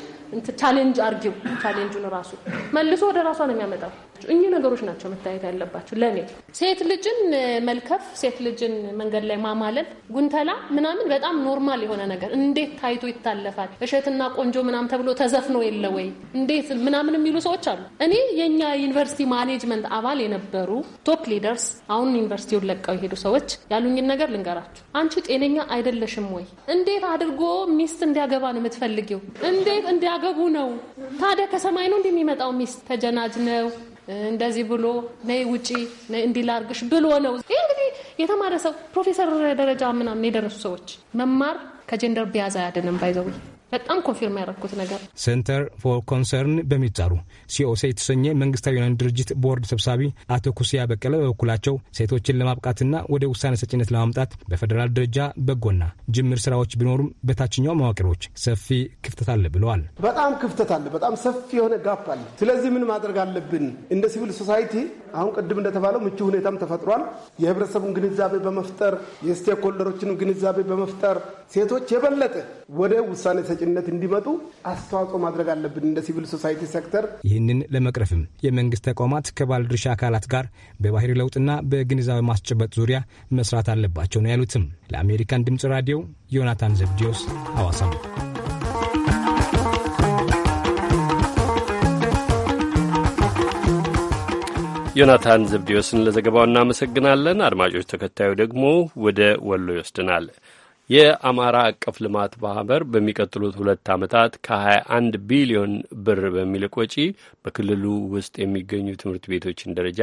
ቻሌንጅ አርጊው ቻሌንጁን ራሱ መልሶ ወደ ራሷ ነው የሚያመጣው ያለባቸው። እኚህ ነገሮች ናቸው መታየት ያለባቸው። ለእኔ ሴት ልጅን መልከፍ፣ ሴት ልጅን መንገድ ላይ ማማለል፣ ጉንተላ ምናምን በጣም ኖርማል የሆነ ነገር እንዴት ታይቶ ይታለፋል? እሸትና ቆንጆ ምናምን ተብሎ ተዘፍኖ የለ ወይ እንዴት ምናምን የሚሉ ሰዎች አሉ። እኔ የእኛ ዩኒቨርሲቲ ማኔጅመንት አባል የነበሩ ቶፕ ሊደርስ አሁን ዩኒቨርሲቲውን ለቀው የሄዱ ሰዎች ያሉኝን ነገር ልንገራችሁ። አንቺ ጤነኛ አይደለሽም ወይ? እንዴት አድርጎ ሚስት እንዲያገባ ነው የምትፈልጊው? እንዴት እንዲያገቡ ነው ታዲያ? ከሰማይ ነው እንደሚመጣው ሚስት ተጀናጅ ነው እንደዚህ ብሎ ነይ ውጪ እንዲላርግሽ ብሎ ነው። ይህ እንግዲህ የተማረ ሰው ፕሮፌሰር ደረጃ ምናምን የደረሱ ሰዎች መማር ከጀንደር ቢያዝ አያድንም ባይዘው በጣም ኮንፊርም ያደረግኩት ነገር ሴንተር ፎር ኮንሰርን በሚጠሩ ሲኦሲ የተሰኘ መንግስታዊ ድርጅት ቦርድ ሰብሳቢ አቶ ኩሲያ በቀለ በበኩላቸው ሴቶችን ለማብቃትና ወደ ውሳኔ ሰጭነት ለማምጣት በፌዴራል ደረጃ በጎና ጅምር ስራዎች ቢኖሩም በታችኛው መዋቅሮች ሰፊ ክፍተት አለ ብለዋል። በጣም ክፍተት አለ። በጣም ሰፊ የሆነ ጋፕ አለ። ስለዚህ ምን ማድረግ አለብን? እንደ ሲቪል ሶሳይቲ አሁን ቅድም እንደተባለው ምቹ ሁኔታም ተፈጥሯል። የህብረተሰቡን ግንዛቤ በመፍጠር የስቴክሆልደሮችንም ግንዛቤ በመፍጠር ሴቶች የበለጠ ወደ ውሳኔ ሰጭነት እንዲመጡ አስተዋጽኦ ማድረግ አለብን እንደ ሲቪል ሶሳይቲ ሴክተር። ይህንን ለመቅረፍም የመንግስት ተቋማት ከባለድርሻ አካላት ጋር በባህሪ ለውጥና በግንዛቤ ማስጨበጥ ዙሪያ መስራት አለባቸው ነው ያሉትም። ለአሜሪካን ድምጽ ራዲዮ ዮናታን ዘብዲዮስ አዋሳም። ዮናታን ዘብዲዮስን ለዘገባው እናመሰግናለን። አድማጮች፣ ተከታዩ ደግሞ ወደ ወሎ ይወስድናል። የአማራ አቀፍ ልማት ማህበር በሚቀጥሉት ሁለት ዓመታት ከ21 ቢሊዮን ብር በሚልቅ ወጪ በክልሉ ውስጥ የሚገኙ ትምህርት ቤቶችን ደረጃ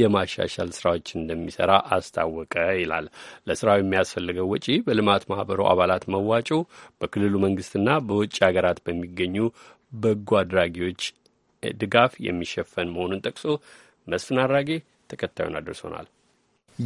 የማሻሻል ስራዎች እንደሚሰራ አስታወቀ ይላል። ለስራው የሚያስፈልገው ወጪ በልማት ማህበሩ አባላት መዋጮ በክልሉ መንግስትና በውጭ ሀገራት በሚገኙ በጎ አድራጊዎች ድጋፍ የሚሸፈን መሆኑን ጠቅሶ መስፍን አራጌ ተከታዩን አድርሶናል።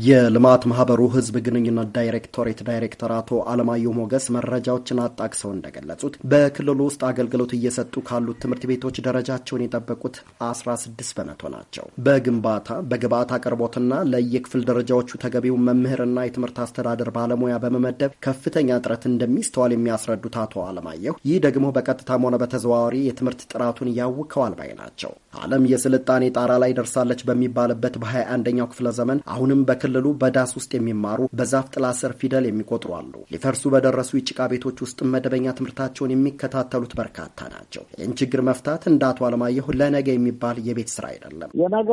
የልማት ማህበሩ ህዝብ ግንኙነት ዳይሬክቶሬት ዳይሬክተር አቶ አለማየሁ ሞገስ መረጃዎችን አጣቅሰው እንደገለጹት በክልሉ ውስጥ አገልግሎት እየሰጡ ካሉት ትምህርት ቤቶች ደረጃቸውን የጠበቁት 16 በመቶ ናቸው። በግንባታ በግብአት አቅርቦትና ለየክፍል ደረጃዎቹ ተገቢውን መምህርና የትምህርት አስተዳደር ባለሙያ በመመደብ ከፍተኛ እጥረት እንደሚስተዋል የሚያስረዱት አቶ አለማየሁ ይህ ደግሞ በቀጥታም ሆነ በተዘዋዋሪ የትምህርት ጥራቱን ያውከዋል ባይ ናቸው። ዓለም የስልጣኔ ጣራ ላይ ደርሳለች በሚባልበት በ21ኛው ክፍለ ዘመን አሁንም በ በክልሉ በዳስ ውስጥ የሚማሩ በዛፍ ጥላ ስር ፊደል የሚቆጥሩ አሉ። ሊፈርሱ በደረሱ የጭቃ ቤቶች ውስጥ መደበኛ ትምህርታቸውን የሚከታተሉት በርካታ ናቸው። ይህን ችግር መፍታት እንደ አቶ አለማየሁ ለነገ የሚባል የቤት ስራ አይደለም። የነገ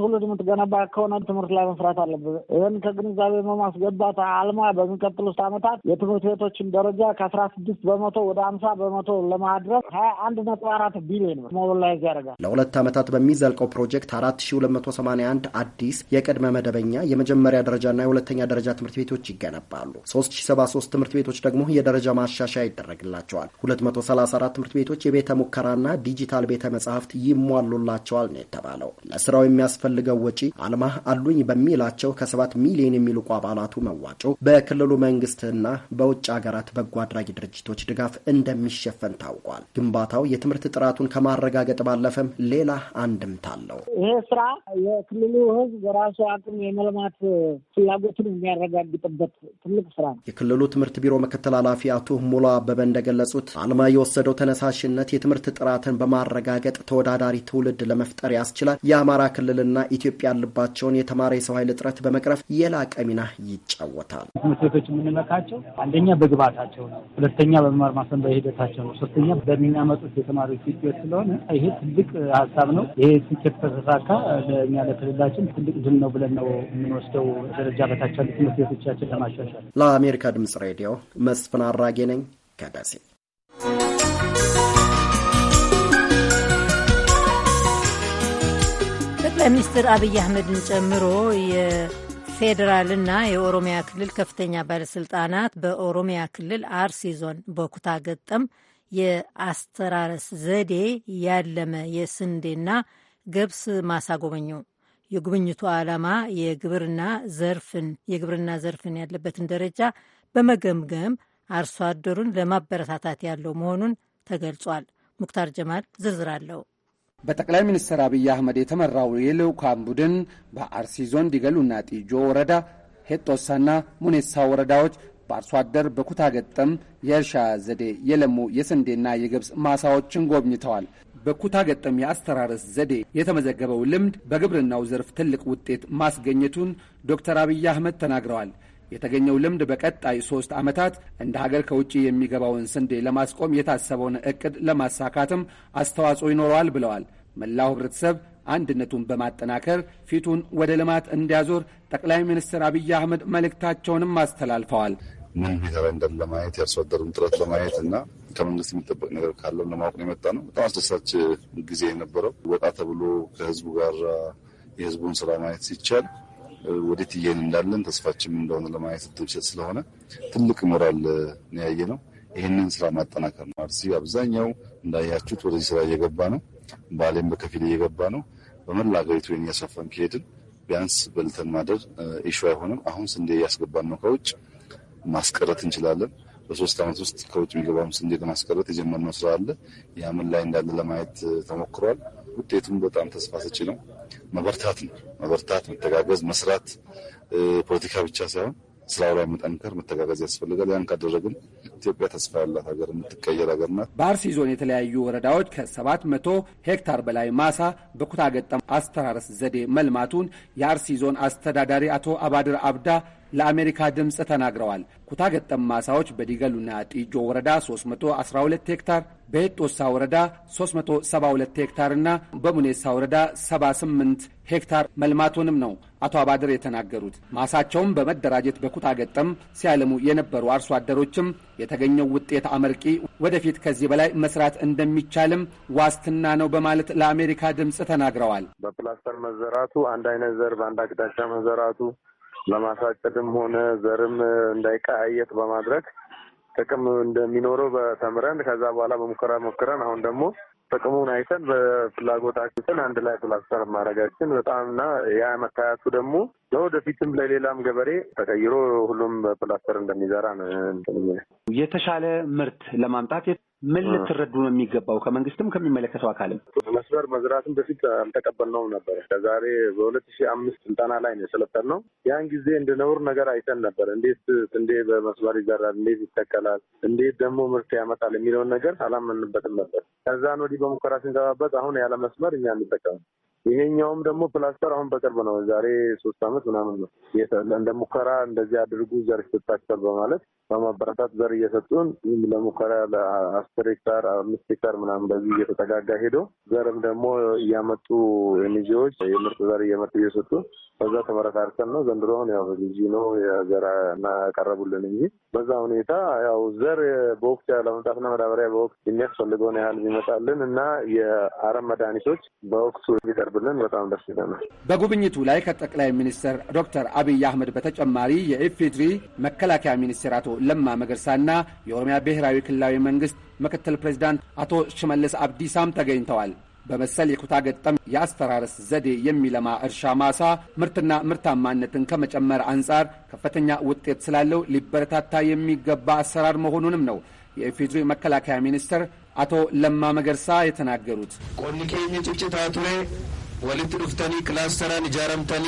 ትውልድ የምትገነባ ከሆነ ትምህርት ላይ መስራት አለብህ። ይህን ከግንዛቤ በማስገባት አልማ በሚቀጥሉት ዓመታት የትምህርት ቤቶችን ደረጃ ከአስራ ስድስት በመቶ ወደ አምሳ በመቶ ለማድረስ ሀያ አንድ ነጥብ አራት ቢሊዮን ሞቢላይዝ ያደርጋል። ለሁለት ዓመታት በሚዘልቀው ፕሮጀክት አራት ሺ ሁለት መቶ ሰማኒያ አንድ አዲስ የቅድመ መደበኛ የመጀመሪያ ደረጃና የሁለተኛ ደረጃ ትምህርት ቤቶች ይገነባሉ። 373 ትምህርት ቤቶች ደግሞ የደረጃ ማሻሻያ ይደረግላቸዋል። 234 ትምህርት ቤቶች የቤተ ሙከራና ዲጂታል ቤተ መጻሕፍት ይሟሉላቸዋል ነው የተባለው። ለስራው የሚያስፈልገው ወጪ አልማ አሉኝ በሚላቸው ከሰባት ሚሊዮን የሚልቁ አባላቱ መዋጮ በክልሉ መንግስትና በውጭ ሀገራት በጎ አድራጊ ድርጅቶች ድጋፍ እንደሚሸፈን ታውቋል። ግንባታው የትምህርት ጥራቱን ከማረጋገጥ ባለፈም ሌላ አንድምታ አለው። ይሄ ስራ የክልሉ ህዝብ በራሱ አቅም የመልማት ፍላጎትን የሚያረጋግጥበት ትልቅ ስራ ነው። የክልሉ ትምህርት ቢሮ ምክትል ኃላፊ አቶ ሙሉ አበበ እንደገለጹት አልማ የወሰደው ተነሳሽነት የትምህርት ጥራትን በማረጋገጥ ተወዳዳሪ ትውልድ ለመፍጠር ያስችላል። የአማራ ክልልና ኢትዮጵያ ያለባቸውን የተማረ የሰው ኃይል እጥረት በመቅረፍ የላቀ ሚና ይጫወታል። ትምህርት ቤቶች የምንመካቸው አንደኛ በግብዓታቸው ነው፣ ሁለተኛ በመማር ማስተማር በሂደታቸው ነው፣ ሶስተኛ በሚያመጡት የተማሪዎች ውጤት ስለሆነ ይሄ ትልቅ ሀሳብ ነው። ይሄ ስኬት ተሳካ ለእኛ ለክልላችን ትልቅ ድል ነው ብለን ነው የምንወስ ከሚወስደው ደረጃ በታች ያሉ ትምህርት ቤቶቻችን ለማሻሻል። ለአሜሪካ ድምጽ ሬዲዮ መስፍን አራጌ ነኝ ከደሴ። ጠቅላይ ሚኒስትር አብይ አህመድን ጨምሮ የፌዴራልና የኦሮሚያ ክልል ከፍተኛ ባለስልጣናት በኦሮሚያ ክልል አርሲ ዞን በኩታ ገጠም የአስተራረስ ዘዴ ያለመ የስንዴና ገብስ ማሳ ጎበኙ። የጉብኝቱ ዓላማ የግብርና ዘርፍን የግብርና ዘርፍን ያለበትን ደረጃ በመገምገም አርሶ አደሩን ለማበረታታት ያለው መሆኑን ተገልጿል። ሙክታር ጀማል ዝርዝር አለው። በጠቅላይ ሚኒስትር አብይ አህመድ የተመራው የልዑካን ቡድን በአርሲ ዞን ዲገሉና ጢጆ ወረዳ ሄጦሳና ሙኔሳ ወረዳዎች በአርሶ አደር በኩታ ገጠም የእርሻ ዘዴ የለሙ የስንዴና የገብስ ማሳዎችን ጎብኝተዋል። በኩታ ገጠም የአስተራረስ ዘዴ የተመዘገበው ልምድ በግብርናው ዘርፍ ትልቅ ውጤት ማስገኘቱን ዶክተር አብይ አህመድ ተናግረዋል። የተገኘው ልምድ በቀጣይ ሶስት ዓመታት እንደ ሀገር ከውጭ የሚገባውን ስንዴ ለማስቆም የታሰበውን እቅድ ለማሳካትም አስተዋጽኦ ይኖረዋል ብለዋል። መላው ህብረተሰብ አንድነቱን በማጠናከር ፊቱን ወደ ልማት እንዲያዞር ጠቅላይ ሚኒስትር አብይ አህመድ መልእክታቸውንም አስተላልፈዋል። ምን ቢሰራ እንደም ለማየት የአርሶ አደሩን ጥረት ለማየት እና ከመንግስት የሚጠበቅ ነገር ካለም ለማወቅ ነው የመጣ ነው። በጣም አስደሳች ጊዜ የነበረው ወጣ ተብሎ ከህዝቡ ጋር የህዝቡን ስራ ማየት ሲቻል ወዴት እየሄድን እንዳለን ተስፋችን እንደሆነ ለማየት ትምችል ስለሆነ ትልቅ ሞራል ነው ያየ ነው። ይህንን ስራ ማጠናከር ነው። አርሲ አብዛኛው እንዳያችሁት ወደዚህ ስራ እየገባ ነው። ባሌም በከፊል እየገባ ነው። በመላ ሀገሪቱ እያሰፋን ከሄድን ቢያንስ በልተን ማደር ኢሹ አይሆንም። አሁን ስንዴ እያስገባን ነው ከውጭ ማስቀረት እንችላለን። በሶስት ዓመት ውስጥ ከውጭ የሚገባውን ስንዴ ለማስቀረት የጀመርነው ስራ አለ። ያምን ላይ እንዳለ ለማየት ተሞክሯል። ውጤቱም በጣም ተስፋ ሰጪ ነው። መበርታት ነው መበርታት፣ መተጋገዝ፣ መስራት ፖለቲካ ብቻ ሳይሆን ስራው ላይ መጠንከር መተጋገዝ ያስፈልጋል። ያን ካደረግን ኢትዮጵያ ተስፋ ያላት ሀገር የምትቀየር ሀገር ናት። በአርሲ ዞን የተለያዩ ወረዳዎች ከሰባት መቶ ሄክታር በላይ ማሳ በኩታ ገጠም አስተራረስ ዘዴ መልማቱን የአርሲ ዞን አስተዳዳሪ አቶ አባድር አብዳ ለአሜሪካ ድምፅ ተናግረዋል። ኩታ ገጠም ማሳዎች በዲገሉና ጢጆ ወረዳ 312 ሄክታር፣ በሄጦሳ ወረዳ 372 ሄክታር በሙኔሳ ወረዳ 78 ሄክታር መልማቱንም ነው አቶ አባድር የተናገሩት። ማሳቸውን በመደራጀት በኩታ ገጠም ሲያለሙ የነበሩ አርሶ አደሮችም የተገኘው ውጤት አመርቂ፣ ወደፊት ከዚህ በላይ መስራት እንደሚቻልም ዋስትና ነው በማለት ለአሜሪካ ድምፅ ተናግረዋል። በፕላስተር መዘራቱ፣ አንድ አይነት ዘር በአንድ አቅጣጫ መዘራቱ ለማሳጨድም ሆነ ዘርም እንዳይቀያየት በማድረግ ጥቅም እንደሚኖረው በተምረን ከዛ በኋላ በሙከራ ሞክረን አሁን ደግሞ ጥቅሙን አይተን በፍላጎታችን አንድ ላይ ፕላስተር ማድረጋችን በጣም እና ያ መታያቱ ደግሞ ለወደፊትም ለሌላም ገበሬ ተቀይሮ ሁሉም ፕላስተር እንደሚዘራ ነው የተሻለ ምርት ለማምጣት ምን ልትረዱ ነው የሚገባው? ከመንግስትም ከሚመለከተው አካልም መስመር መዝራትን በፊት አልተቀበልነውም ነበር ከዛሬ በሁለት ሺህ አምስት ስልጠና ላይ ነው የሰለጠንነው። ያን ጊዜ እንደ ነውር ነገር አይተን ነበር። እንዴት ስንዴ በመስመር ይዘራል? እንዴት ይተከላል? እንዴት ደግሞ ምርት ያመጣል? የሚለውን ነገር አላመንበትም ነበር። ከዛን ወዲህ በሙከራ ስንገባበት አሁን ያለ መስመር እኛ እንጠቀም ይሄኛውም ደግሞ ፕላስተር አሁን በቅርብ ነው፣ ዛሬ ሶስት አመት ምናምን ነው እንደ ሙከራ እንደዚህ አድርጉ ዘር ይሰጣቸዋል በማለት በማበረታት ዘር እየሰጡን ለሙከራ ለአስር ሄክታር አምስት ሄክታር ምናምን በዚህ እየተጠጋጋ ሄዶ ዘርም ደግሞ እያመጡ ኤንጂዎች የምርጥ ዘር እየመጡ እየሰጡ በዛ ተመረካርተን ነው ዘንድሮውን ያው ልጅ ነው የዘር ያቀረቡልን እንጂ በዛ ሁኔታ ያው ዘር በወቅት ለመምጣትና መዳበሪያ በወቅት የሚያስፈልገውን ያህል ቢመጣልን እና የአረም መድኃኒቶች በወቅቱ ቢቀርብልን በጣም ደስ ይለናል። በጉብኝቱ ላይ ከጠቅላይ ሚኒስትር ዶክተር አብይ አህመድ በተጨማሪ የኢፌድሪ መከላከያ ሚኒስትር አቶ ለማ መገርሳና የኦሮሚያ ብሔራዊ ክልላዊ መንግስት ምክትል ፕሬዚዳንት አቶ ሽመልስ አብዲሳም ተገኝተዋል። በመሰል የኩታ ገጠም የአስተራረስ ዘዴ የሚለማ እርሻ ማሳ ምርትና ምርታማነትን ከመጨመር አንጻር ከፍተኛ ውጤት ስላለው ሊበረታታ የሚገባ አሰራር መሆኑንም ነው የኢፌዴሪ መከላከያ ሚኒስትር አቶ ለማ መገርሳ የተናገሩት ቆኒ ኬኝ ቱሬ ወልት ዱፍተኒ ክላስተራን ጃረምተኒ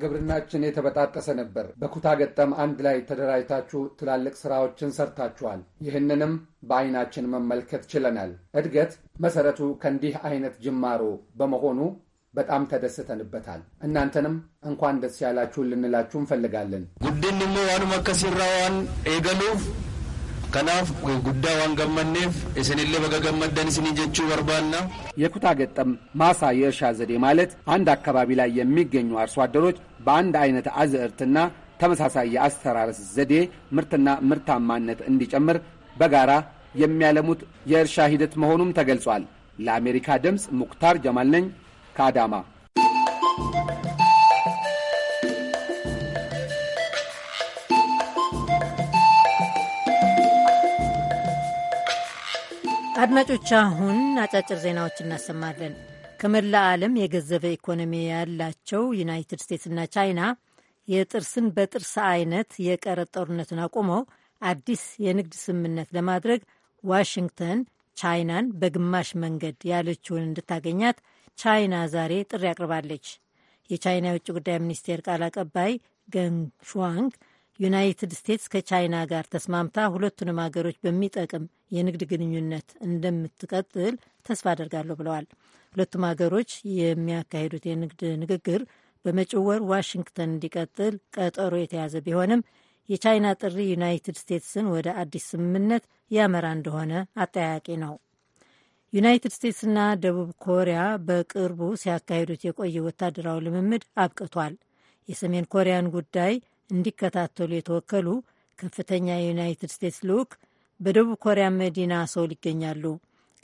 ግብርናችን የተበጣጠሰ ነበር። በኩታ ገጠም አንድ ላይ ተደራጅታችሁ ትላልቅ ስራዎችን ሰርታችኋል። ይህንንም በአይናችን መመልከት ችለናል። እድገት መሰረቱ ከእንዲህ አይነት ጅማሮ በመሆኑ በጣም ተደስተንበታል። እናንተንም እንኳን ደስ ያላችሁ ልንላችሁ እንፈልጋለን። ጉዲን ዋኑ መከሲራዋን ኤገሉፍ Kanaaf guddaa waan gammanneef isinillee baga gammaddan isinii jechuu barbaanna. የኩታ ገጠም ማሳ የእርሻ ዘዴ ማለት አንድ አካባቢ ላይ የሚገኙ አርሶ አደሮች በአንድ አይነት አዝዕርትና ተመሳሳይ የአስተራረስ ዘዴ ምርትና ምርታማነት እንዲጨምር በጋራ የሚያለሙት የእርሻ ሂደት መሆኑም ተገልጿል። ለአሜሪካ ድምፅ ሙክታር ጀማል ነኝ ከአዳማ። አድማጮች፣ አሁን አጫጭር ዜናዎች እናሰማለን። ከመላ ዓለም የገዘፈ ኢኮኖሚ ያላቸው ዩናይትድ ስቴትስና ቻይና የጥርስን በጥርስ አይነት የቀረጥ ጦርነቱን አቁመው አዲስ የንግድ ስምምነት ለማድረግ ዋሽንግተን ቻይናን በግማሽ መንገድ ያለችውን እንድታገኛት ቻይና ዛሬ ጥሪ አቅርባለች። የቻይና የውጭ ጉዳይ ሚኒስቴር ቃል አቀባይ ገንግ ሹዋንግ ዩናይትድ ስቴትስ ከቻይና ጋር ተስማምታ ሁለቱንም ሀገሮች በሚጠቅም የንግድ ግንኙነት እንደምትቀጥል ተስፋ አደርጋለሁ ብለዋል። ሁለቱም ሀገሮች የሚያካሂዱት የንግድ ንግግር በመጪው ወር ዋሽንግተን እንዲቀጥል ቀጠሮ የተያዘ ቢሆንም የቻይና ጥሪ ዩናይትድ ስቴትስን ወደ አዲስ ስምምነት ያመራ እንደሆነ አጠያቂ ነው። ዩናይትድ ስቴትስና ደቡብ ኮሪያ በቅርቡ ሲያካሂዱት የቆየ ወታደራዊ ልምምድ አብቅቷል። የሰሜን ኮሪያን ጉዳይ እንዲከታተሉ የተወከሉ ከፍተኛ የዩናይትድ ስቴትስ ልዑክ በደቡብ ኮሪያ መዲና ሶል ይገኛሉ።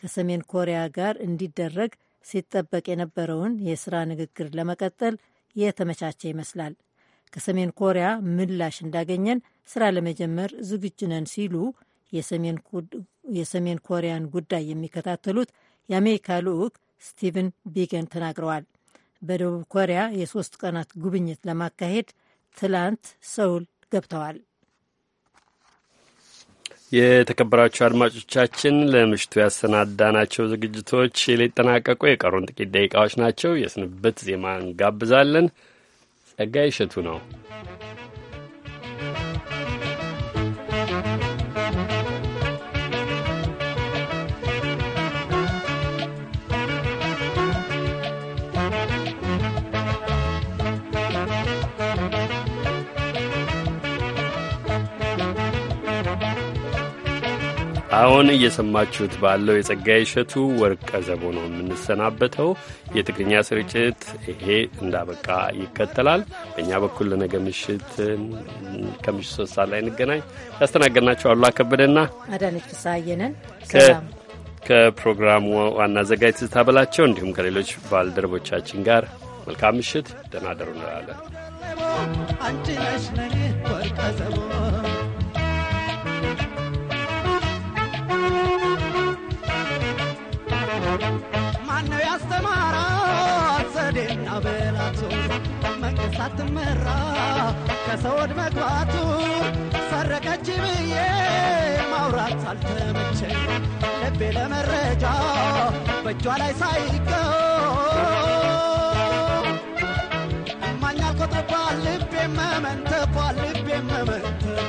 ከሰሜን ኮሪያ ጋር እንዲደረግ ሲጠበቅ የነበረውን የስራ ንግግር ለመቀጠል የተመቻቸ ይመስላል። ከሰሜን ኮሪያ ምላሽ እንዳገኘን ስራ ለመጀመር ዝግጁ ነን ሲሉ የሰሜን ኮሪያን ጉዳይ የሚከታተሉት የአሜሪካ ልዑክ ስቲቨን ቢገን ተናግረዋል። በደቡብ ኮሪያ የሶስት ቀናት ጉብኝት ለማካሄድ ትላንት ሰውል ገብተዋል። የተከበራቸው አድማጮቻችን ለምሽቱ ያሰናዳናቸው ዝግጅቶች ሊጠናቀቁ የቀሩን ጥቂት ደቂቃዎች ናቸው። የስንብት ዜማ እንጋብዛለን። ጸጋይ እሸቱ ነው። አሁን እየሰማችሁት ባለው የጸጋዬ እሸቱ ወርቀ ዘቦ ነው የምንሰናበተው። የትግርኛ ስርጭት ይሄ እንዳበቃ ይከተላል። በእኛ በኩል ለነገ ምሽት ከምሽት ሶስት ሰዓት ላይ እንገናኝ። ያስተናገድናቸው አሉላ ከበደና አዳነች ፍስሀየነን ከፕሮግራሙ ዋና አዘጋጅ ትዝታ በላቸው እንዲሁም ከሌሎች ባልደረቦቻችን ጋር መልካም ምሽት፣ ደህና ደሩ እንላለን። ሳትመራ ከሰወድ መግባቱ ሰረቀች ብዬ ማውራት አልተመቸኝ ልቤ ለመረጃ በእጇ ላይ ሳይቀው ማኛ ልቤ መመንተፏ ልቤ መመንተፏ